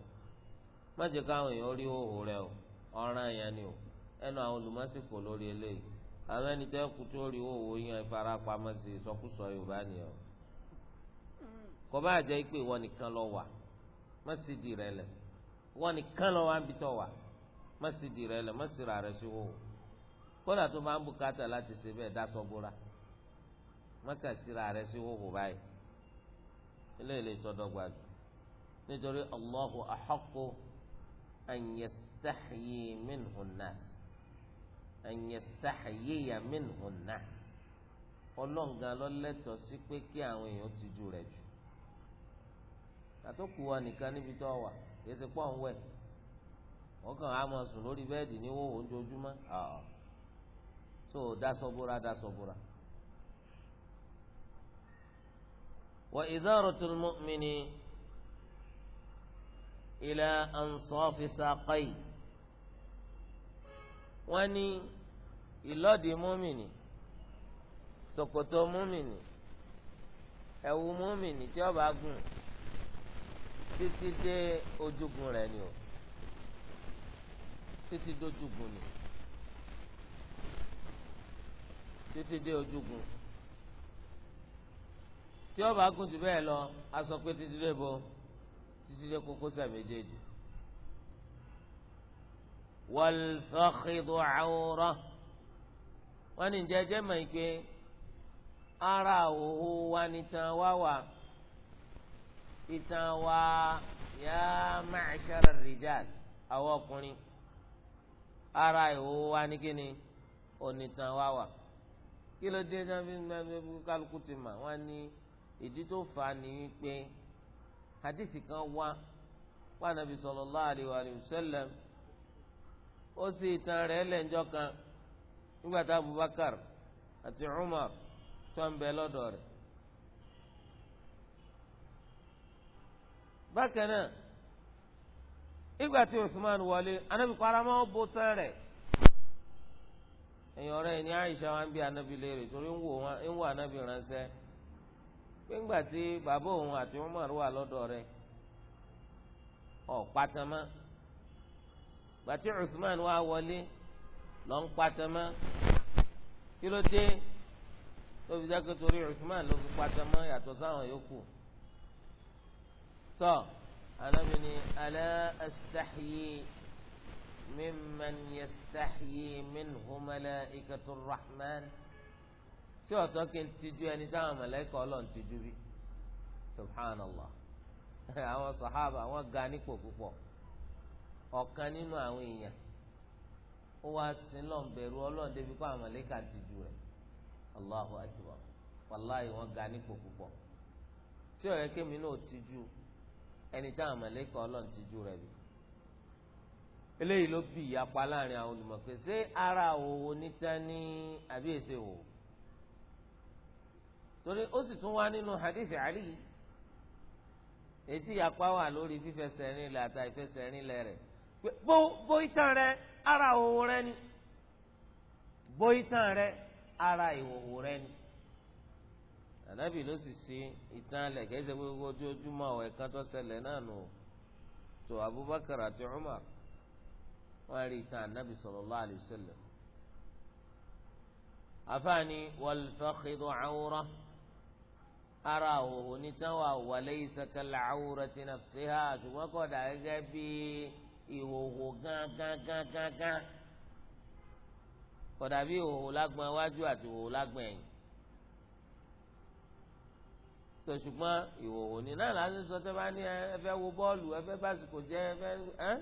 [SPEAKER 1] má jẹ́ káwọn èèyàn rí òhò rẹ o ọ̀ràn o ẹnu àwọn olùmọ̀sìkò lórí eléyìí àwọn ẹni tẹ́ kú tó rí òhò o kò bá jẹ́ pé ìwọ nìkan lọ kódà tó máa ń bùkátà láti ṣe bẹ́ẹ̀ dáṣọ bóra mọ́kà síra rẹ̀ sí hóhó báyìí eléyìí lè tọ́ dọ́gba jù nítorí Allahu ahaqqu an yastahyi minhu an-nas an yastahyiya minhu an-nas ọlọ́ǹgá lọ́lẹ́tọ̀ sí pé kí àwọn èèyàn ti ju rẹ̀ jù àtòkù wa nìkan níbi tó wà kì í ṣe pọ́ǹwẹ̀ wọ́n kàn á mọ̀ sùn lórí bẹ́ẹ̀dì ní hóhó ojoojúmọ́ ọ̀ọ́ so daṣọ búra daṣọ búra. wa idaratul mu'mini ila ansafi saqai wọ́n ní ìlọ́dì múmìnì ṣòkòtò múmìnì ẹ̀wù múmìnì tí ó bá gùn títí dé ojúgun ni o títí dójúgun ni. títí dé ojúgun tí ó bá gùn jù bẹ́ẹ̀ lọ a sọ pé títí dé bo títí dé kókósẹ̀ méjèèjì wal fakhidu awra ní jẹ́jẹ́ mọ̀ pé ara òhò wa nìtàn wá wà ìtàn wa
[SPEAKER 2] yá ma'shara
[SPEAKER 1] rijal àwọn ọkùnrin ara ìhò wa ní kíni onìtàn wá wà. kí ló dé dábí kálukú ti mà wọ́n ní ìdí tó fà á ní pé hadithi kan wá wà nàbí sallallahu alaihi wa sallam ó sì ìtàn rẹ̀ lẹ́njọ́ kan nígbà tá Abubakar àti Umar tó ń bẹ lọ́dọ̀ rẹ̀. bákan náà ìgbà tí Usman wọlé anábìkọ́ ara máa ń bó tán rẹ̀. ẹ̀yin ọ̀rẹ́ ẹni Aisha wa ń bí anabi léèrè torí ń wò anabi ránṣẹ́ pé ńgbà tí bàbá òun àti Umar wà lọ́dọ̀ rẹ̀ ọ̀ pátámá gbà tí Uthman wá wọlé lọ́ ń pátámá kí ló dé tó fi torí Uthman ló fi pátámá yàtọ̀ sáwọn yòókù tọ́ anabi ni ala astahyi mimman yastahyi minhu malaikatur rahman tí ọ̀tọ́ kí n tijú ẹni táwọn màláíkà Ọlọ́run tijú rí subhanallah àwọn sàhábà wọ́n ga nípò púpọ̀ ọ̀kan nínú àwọn èèyàn ó wá sí lọ́nbẹ̀rù Ọlọ́run débi kó àwọn màláíkà tijú rẹ̀ allahu akbar wàláyé wọ́n ga nípò púpọ̀ tí ọ̀rẹ́ kémi náà tijú ẹni táwọn màláíkà Ọlọ́run tijú rẹ̀ bí eléyìí ló bí ìyapa láàrin àwọn olùmọ̀ pé ṣé ara òwò níta ní àbí èsè wò torí ó sì tún wá nínú hadith Ali ètí ìyapa wà lórí fífẹsẹ̀ rinlẹ̀ àti àìfẹsẹ̀ rinlẹ̀ rẹ̀ bó bó ìtàn rẹ ara òwò rẹ ni bó ìtàn rẹ ara ìwòwò rẹ ni ànábì ló sì ṣe ìtàn alẹ̀ kẹ́sẹ̀ gbogbo ojoojúmọ́ ẹ̀ka tó ṣẹlẹ̀ náà nù tó Abubakar àti Umar wọ́n rí ìtàn anabi sallallahu alayhi wa sallam. afaani wal-fakhidhu awra ara òhò nítàn wà wa laysa kal-awrati nafsiha ṣùgbọ́n kò dà gẹ́gẹ́ bí ìhòhò gángangangangan kò dàbí ìhòhò lágbọ̀n iwájú àti ìhòhò lágbọ̀n ẹ̀yìn sọ ṣùgbọ́n ìhòhò ní náà láti sọ tẹ́ bá ní ẹ fẹ́ wo bọ́ọ̀lù ẹ fẹ́ básìkò jẹ́ ẹ fẹ́ ẹ́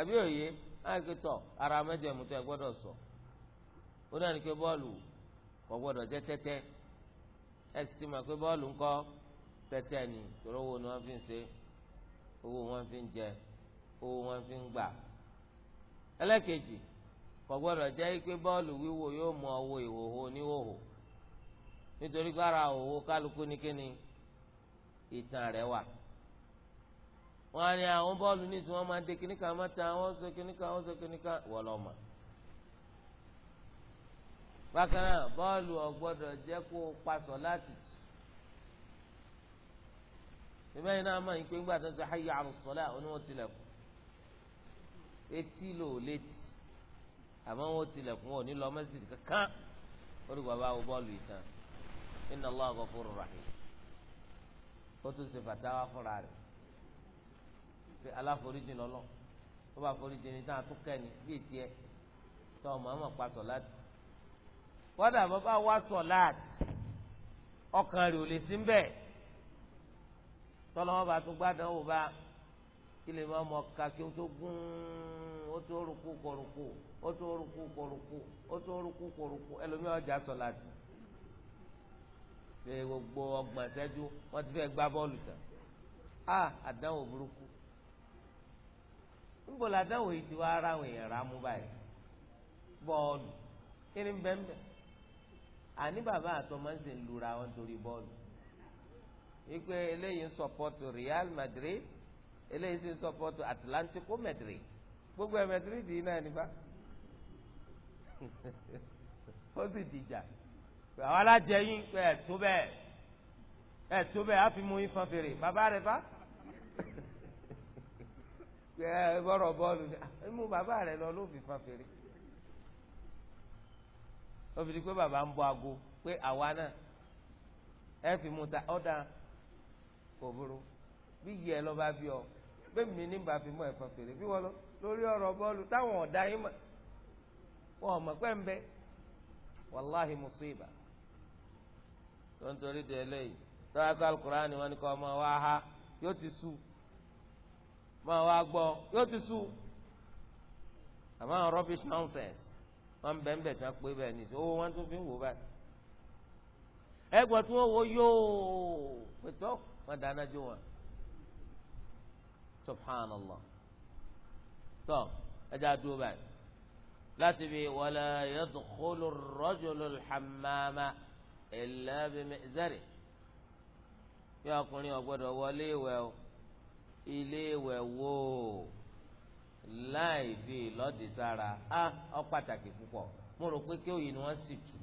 [SPEAKER 1] àbí òye àìkútọ̀ ara mẹ́jẹ̀mú tẹ́ gbọ́dọ̀ sọ ó náà ní pé bọ́ọ̀lù kò gbọ́dọ̀ jẹ́ tẹ́tẹ́ ẹ sì ti mọ̀ pé ni torí owó ni wọ́n fi ń ṣe owó wọn fi ń jẹ owó wọn fi ń gbà ẹlẹ́kejì kò gbọ́dọ̀ jẹ́ pé bọ́ọ̀lù yóò mú ọwọ́ ìhòhò níhòhò nítorí pé ara kálukú ní kíni ìtàn rẹ̀ wà wọ́n á ní àwọn bọ́ọ̀lù ní tí wọ́n máa dé kíníkà máa ta àwọn sọ kíníkà àwọn sọ kíníkà wọ́n lọ mọ̀. bákan náà bọ́ọ̀lù ọ̀gbọ́dọ̀ jẹ́ kó paṣọ láti tì. ìbẹ́ yìí náà máa ń pè ńgbà tó ń sọ hayya ala oníwọ̀n tilẹ̀kùn. etí lò létí àmọ́ wọ́n tilẹ̀kùn wọn ò ní lọ mẹ́sìlì kankan orí bàbá wo bọ́ọ̀lù ìtàn inna Allahu ghafurur rahim ó tún ṣe fàtàwá fúnra rẹ̀ pé aláforíjì lọ́lọ́ tó bá foríjì ni táwọn tún kẹ́ni bíi tiẹ̀ tó ọmọ ọmọ pa sọ̀láàtì kọ́dà bó bá wá sọ̀láàtì ọkàn rẹ̀ ò lè sí bẹ́ẹ̀ tọ́lọ́mọ́ bá tún gbádùn ó bá kí lè má mọ ká kí n tó gún ó tó rúkú kọ̀rùkù ó tó rúkú kọ̀rùkù ó tó rúkú kọ̀rùkù ẹlòmíràn ọjà sọ̀láàtì pé gbogbo ọgbọ̀n ṣẹ́jú wọ́n ti fẹ́ gbá bọ́ọ̀lù tán á àdánwò burúkú níbo la dáwọ̀ yìí ti wá ara àwọn èèyàn rà mú báyìí bọ́ọ̀lù kí ni bẹ́ẹ̀ àní bàbá àtọmọ ń sì ń lura wọn torí bọ́ọ̀lù wípé eléyìí ń sọpọ́tù Real Madrid eléyìí sì ń sọpọ́tù Atlantico Madrid gbogbo ẹ̀ Madrid yìí náà nípa ó sì dìjà àwọn alájẹyìn pé ẹ̀ tó bẹ́ẹ̀ ẹ̀ tó bẹ́ẹ̀ á fi mú ifan fèrè bàbá rẹ̀ fa ẹ bọ́rọ̀ bọ́ọ̀lù ah, mú bàbá rẹ lọ ló fi fan fèrè pé bàbá ń bọ aago pé àwa náà ẹ fi mu ta ọ̀dà kò burú bí yìí ẹ bí ọ pé mi ní fi mú ẹ fan fèrè bí wọ́n lọ lórí ọ̀rọ̀ bọ́ọ̀lù táwọn musiba máa wá gbọ́ yóò ti sú àmọ́ àwọn rubbish nonsense wọ́n ń bẹ̀ẹ́ bẹ̀ẹ́ tán pé bẹ́ẹ̀ ní sọ wọ́n tún fi ń wò báyìí ẹgbọ́n tí wọ́n wo yóò pẹ̀tọ́ wọ́n dáná jó wọn subhanallah tọ́ ẹja dúró báyìí láti bí wala yadkhulu ar-rajulu al-hammama illa bi bí ọkùnrin ò wọlé ìwẹ̀ o ilé ìwẹ̀ wò láì fi ìlọ́dì sára á ọ pàtàkì púpọ̀ mo rò pé kí òyìn ni wọ́n sì tù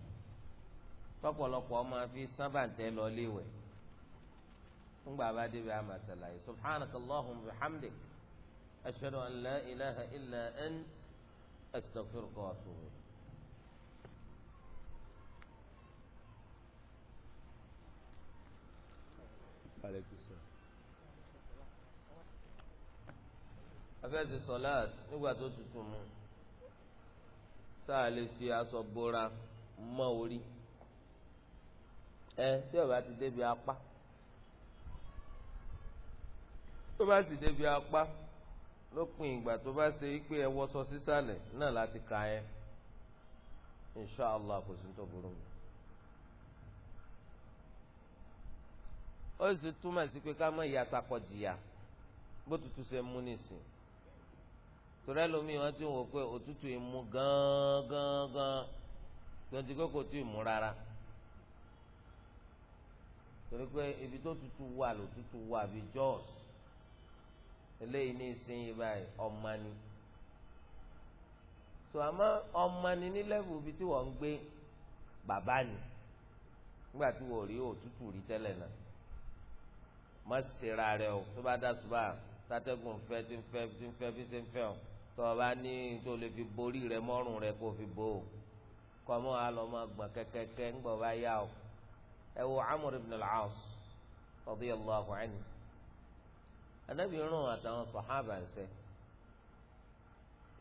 [SPEAKER 1] tọ́pọ̀lọpọ̀ ọmọ fi sábàǹtẹ̀ lọ ilé ìwẹ̀ ńgbà bá débi àmà sàlàyé subhanaka allahumma bihamdik ashhadu an la ilaha illa ant astaghfiruka wa atubu ilayk. عليكم afẹ́sẹ̀ sọ̀láàt nígbà tó tutù mu a lè fi aṣọ bora mọ́ orí ẹ tí ti débi apá tó bá sì débi apá lópin ìgbà tó bá ṣe pé ẹ wọṣọ sísàlẹ̀ náà láti ka ẹ inshàlá kò sí tó burú mi. ó sì túmọ̀ sí pé ká má ìyá sakọ̀jìyà bó tutu ṣe mú nìsín torẹ́ lomi wọn ti wò pé òtútù ìmú gángan tonti kó kò tí ì mú rárá torí pé ibi tó tutù wà ló wà bí jọ́ọ̀s eléyìí ní ìsinyìí báyìí ọ̀mani tó àmọ́ ọ̀mani ní lẹ́bù ibi tí wọ́n ń gbé bàbá ni nígbà tí wọ́n rí òtútù rí tẹ́lẹ̀ náà má ṣe ra rẹ o tó bá dá ṣùgbọ́n tátẹ́gùn fẹ́ tí ń fẹ́ tí ń fẹ́ bí ṣe ń fẹ́ o tó o bá ní tó o lè fi borí rẹ mọ́rùn rẹ kó o fi bò ó kọ́ mọ́ a lọ́ máa gbọ̀n kẹ́kẹ́kẹ́ ń gbọ̀ bá yá o ẹ wo Amr ibn al-As radiyallahu anhu anabi rún àtàwọn sàhábà ń sẹ́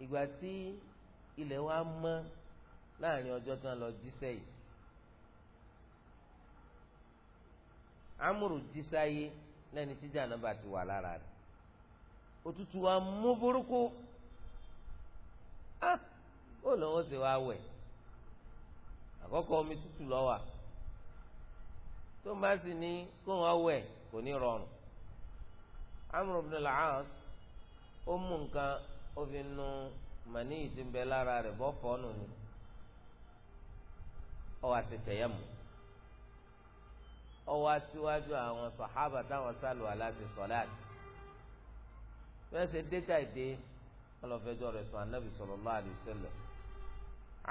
[SPEAKER 1] ìgbà tí ilẹ̀ wa mọ́ láàrin ọjọ́ tí lọ jíṣẹ́ yìí amúrù jíṣáyé lẹ́ni tí jàǹdà bá ti wà lára rẹ̀ òtútù wa mú burúkú bó lòun ó sì wá wẹ̀ àkọ́kọ́ omi tútù lọ wà tó ń bá sì ní kó wọn wẹ̀ kò ní rọrùn Amr ibn al-As ó mú nǹkan ó fi nu màníyì tí ń bẹ lára rẹ̀ bọ́ fọ́ọ̀nù ni ó wá ṣe tayammum ó wá síwájú àwọn sàhábà táwọn sálù aláṣẹ sọláàtì bẹ́ẹ̀ ṣe dé jáde ọlọ́fẹ́jọ́ rẹ̀ sọ anábì sallallahu alaihi wasallam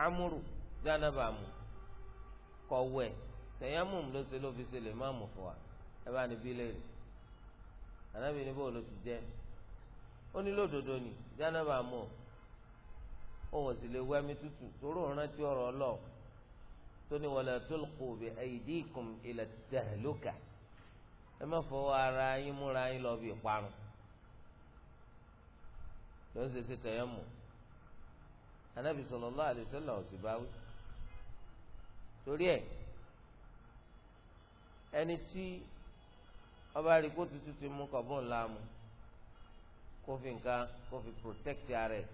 [SPEAKER 1] amúrù jánaba mu kọ̀wẹ́ tẹ̀yámù ló ṣe ló fi ṣe lè má mú fún wa ẹ bá ní bí léèrè ànábì níbo ló ti jẹ́ ó ní lódodo ni jánaba mu òun sì lè wẹ́mi tútù toró rántí ọ̀rọ̀ ọlọ́ọ̀ tó ní wala tulqu bi aydikum ila tahluka ẹ má fọwọ́ ara yín múra yín lọ bí ìparun ló ṣe ṣe tẹ̀yámù anabi sallallahu alaihi wasallam ò sì bá wí torí ẹ ẹni tí ọba rí kó tutù ti mú kọ̀bọ̀n láàmú kó fi nǹkan kó fi protect ara ẹ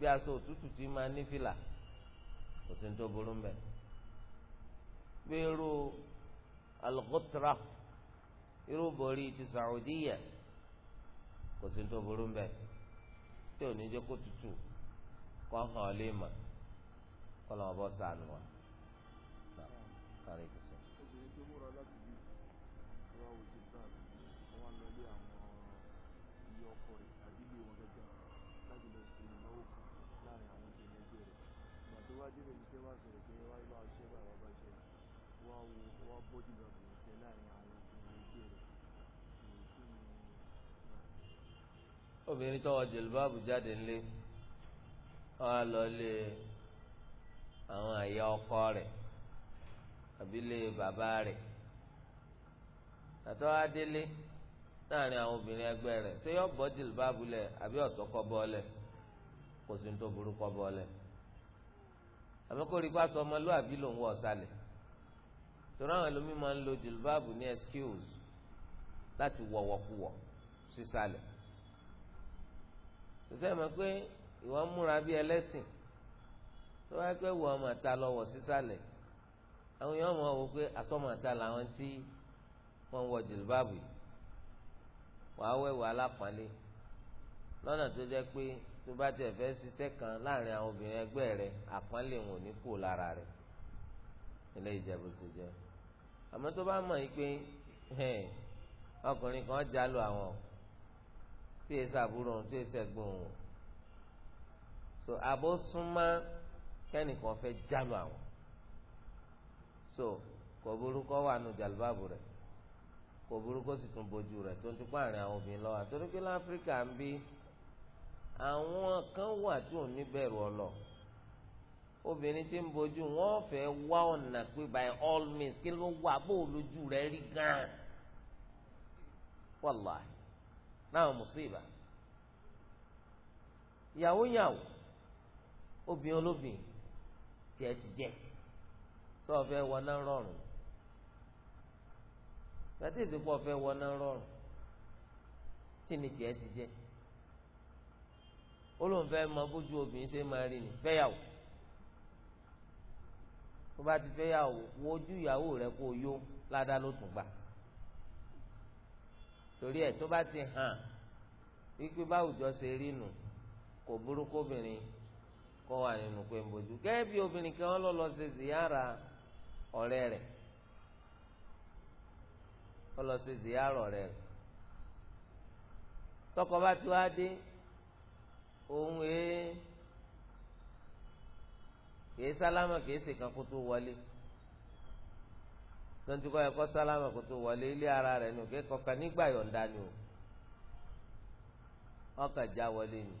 [SPEAKER 1] bí aṣọ òtútù ti máa ní fìlà kò sí ní tó burú mbẹ bí irú alghutra irú borí ti Saudiya kò sí ní tó burú mbẹ tí ò ní jẹ́ kó tutù kọ́ hàn lè mà kọ́ lọ́wọ́ bọ́ sànù wa. obìnrin tó múra láti bí jáde ńlẹ̀ wọ́n á lọ lé àwọn àyà ọkọ rẹ̀ àbí lé bàbá rẹ̀ àtọ́ adélé láàrin àwọn obìnrin ẹgbẹ́ rẹ̀ ṣé yọ bọ́ jìlbáàbù lẹ̀ àbí ọ̀tọ́ kọ́ bọ́ lẹ̀ kò sí ní tó burú kọ́ bọ́ lẹ̀ àmọ́ kó ọmọlúwàbí lòún wọ̀ sálẹ̀ torí àwọn ẹlòmíín máa ń lo jìlbáàbù ní excuse láti wọ̀wọ̀kuwọ̀ sísàlẹ̀ ṣiṣẹ́ mọ̀ pé ìwọ ń múra bí ẹlẹ́sìn tó wáá pẹ́ wọ ọmọ àta lọ́wọ́ sísàlẹ̀ àwọn èèyàn mọ̀ wò pé àsọmọ àta làwọn tí wọ́n ń wọ jìlbáàbù yìí wàá wẹ̀wọ̀ alápọ̀nlé lọ́nà tó jẹ́ pé tó bá tẹ̀ fẹ́ ṣiṣẹ́ kan láàrin àwọn obìnrin ẹgbẹ́ rẹ àpọ́nlé wọn ò ní kú lára rẹ ilé ìjẹ́bù sì jẹ́ àmọ́ tó bá mọ̀ yìí pé ọkùnrin kan já àwọn tí èsì àbúrò tí èsì ẹ̀gbọ́n òun so àbó súnmọ́ kẹ́nìkan fẹ́ jánu àwọn so kò burúkọ wà nù jàlúbàbù rẹ̀ kò burúkọ sì tún bojú rẹ̀ tó ń tún pààrin àwọn obìnrin lọ́wọ́ àtọ́rí pé láfíríkà ń bí àwọn kan wà tí ò ní bẹ̀rù ọlọ́ọ̀ obìnrin tí ń bojú wọn fẹ́ wá ọ̀nà pé by all means kí ló wà bó lójú rẹ̀ rí gan-an wàláì náà mùsíbà ìyàwó yàwó obìnrin olóbìn tí ẹ ti jẹ tó ọfẹ wọná rọrùn gbàtí ìsìnkú ọfẹ wọná rọrùn tí ni tiẹ ti jẹ olóńfẹ mọ bójú obìnrin ṣe máa rí ni fẹ́yàwó tó bá ti fẹ́yàwó wojú ìyàwó rẹ kó o yó ládàá ló tún gbà torí ẹ tó bá ti hàn wípé báwùjọ ṣe rí nù kò burúkú obìnrin kọ́ wà nínú pé ń bójú gẹ́gẹ́ bí obìnrin kan lọ lọ ṣe ziyara ọ̀rẹ́ rẹ̀ ó lọ ṣe ziyara ọ̀rẹ́ rẹ̀ tọkọ bá tó á dé òun èé kìí sálámà kìí sì kan kó tó wọlé tontukọ yẹ kọ sálámà kó tó wọlé ilé ara rẹ̀ nù kékọ kan nígbà yọ̀ǹda ni o ọkàn já wọlé ni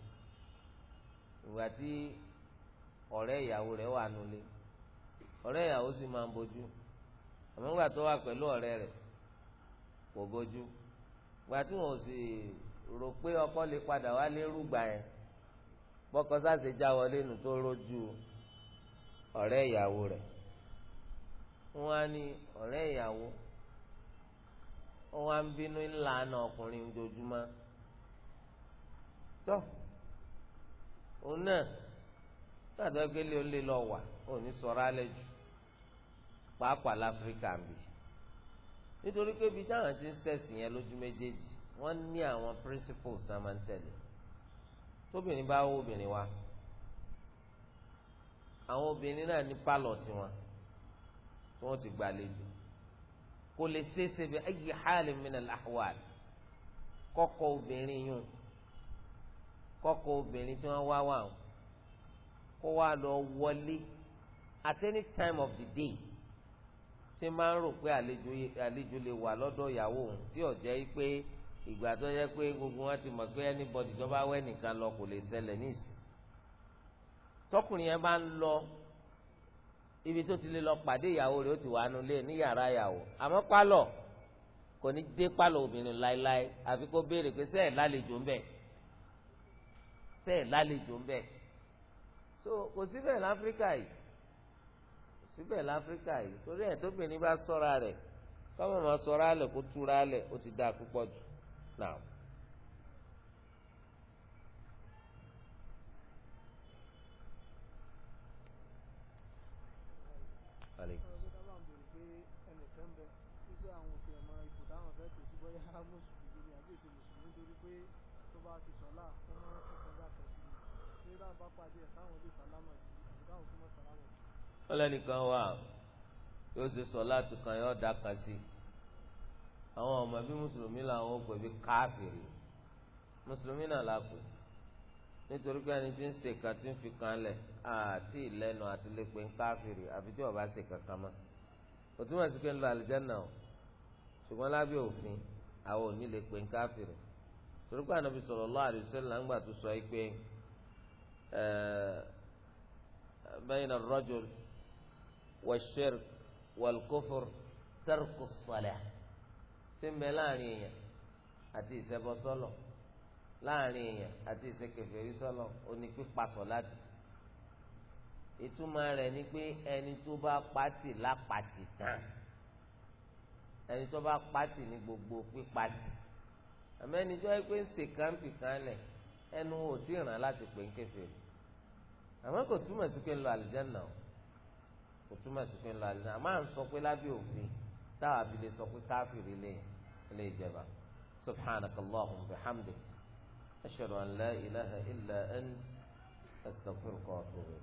[SPEAKER 1] ìgbà tí ọ̀rẹ́ ìyàwó rẹ̀ wà nulẹ̀ ọ̀rẹ́ ìyàwó sì máa ń bójú àmọ́ ńgbà tó wà pẹ̀lú ọ̀rẹ́ rẹ̀ kò bójú gbà tí wọn ò sì rò pé ọkọ lè padà wá lérú gbà yẹn bọ́kọ sáṣe já wọlé nù tó rójú ọ̀rẹ́ ìyàwó rẹ̀ wọn á ní ọ̀rẹ́ ìyàwó wọn á ń bínú ńlànà ọkùnrin ojoojúmọ́ tó òun náà. gbàdúrà gbélé ó lè lọ wà ó ní sọ̀rọ̀ alẹ́ jù pàápàá láfíríkà ń bì nítorí pé ibi táwọn ti ń ṣẹ̀sìn yẹn lójú méjèèjì wọ́n ní àwọn principles tá a máa ń tẹ̀lé tóbìnrin bá wọ obìnrin wa àwọn obìnrin náà ní pálọ̀ tiwọn tí wọ́n ti gbàlejò kò lè ṣeéṣe bí ayyi halin min al-ahwal kọ́kọ́ obìnrin yún kọ́kọ́ obìnrin tí wọ́n wá wà wọn kó wá lọ wọlé at any time of the day tí máa ń rò pé àlejò lè wà lọ́dọ̀ ìyàwó òun tí ò jẹ́ pé ìgbà tó yẹ pé gbogbo wọn ti mọ̀ pé anybody tó bá wẹ̀ nìkan lọ kò lè tẹ̀lẹ̀ níìsín tọkùnrin yẹn bá ń lọ ibi tó ti lè lọ pàdé ìyàwó rẹ̀ ó ti wà nulẹ̀ ní yàrá ìyàwó àmọ́ pálọ̀ kò ní dé pálọ̀ obìnrin láéláé àfi kó béèrè pé sẹ́ẹ̀ lálejò ń bẹ̀ sẹ́ẹ̀ lálejò ń bẹ̀ so kò síbẹ̀ láfíríkà yìí kò síbẹ̀ láfíríkà yìí torí ẹ̀ tóbìnrin bá sọ́ra rẹ̀ kọ́mọ̀ máa sọ́ra rẹ̀ kó túra rẹ̀ ó ti dáa púpọ̀ jù náà. wọ́n lẹ́nìkan wà yóò ṣe sọ láti kan yóò dáka sí àwọn ọmọ bí mùsùlùmí làwọn ò pè bí káfìrí mùsùlùmí náà la pè nítorí pé ẹni tí ń ṣe kan tí ń fi kan lẹ̀ àti ìlẹ́nu àti lẹ́pẹ́ ń káfìrí àfi tí wọ́n bá ṣe kankan mọ́ òtún mọ̀ sí pé ń lọ àlùjánnà o ṣùgbọ́n lábẹ́ òfin àwọn ò ní lè pè ń káfìrí torí pé ànábi sallallahu alaihi wasallam ńgbà tó sọ yìí pé bayna والشرك والكفر ترك الصلاة تنبه لاني أتي سبا صلو لاني أتي سكفري صلو ونكبي صلاة ìtumọ̀ rẹ̀ ni pé ẹni tó bá pàtì lápàtì tán ẹni tó bá pàtì ní gbogbo pípàtì àmọ́ ẹni tó yẹ pé ń ṣe kàǹpì kan lẹ̀ ẹnu ò tí ì ràn láti pè ń kèfèrí àmọ́ kò túmọ̀ sí pé ń lọ àlùjánnà o kò túmọ̀ sí pé ńlá lílẹ̀ àmọ́ à ń sọ pé lábẹ́ òfin táwa abilé sọ pé káfíìrì lè lè jẹba subhanak allahumma bihamdik ashhadu an la ilaha illa ant astaghfiruka wa atubu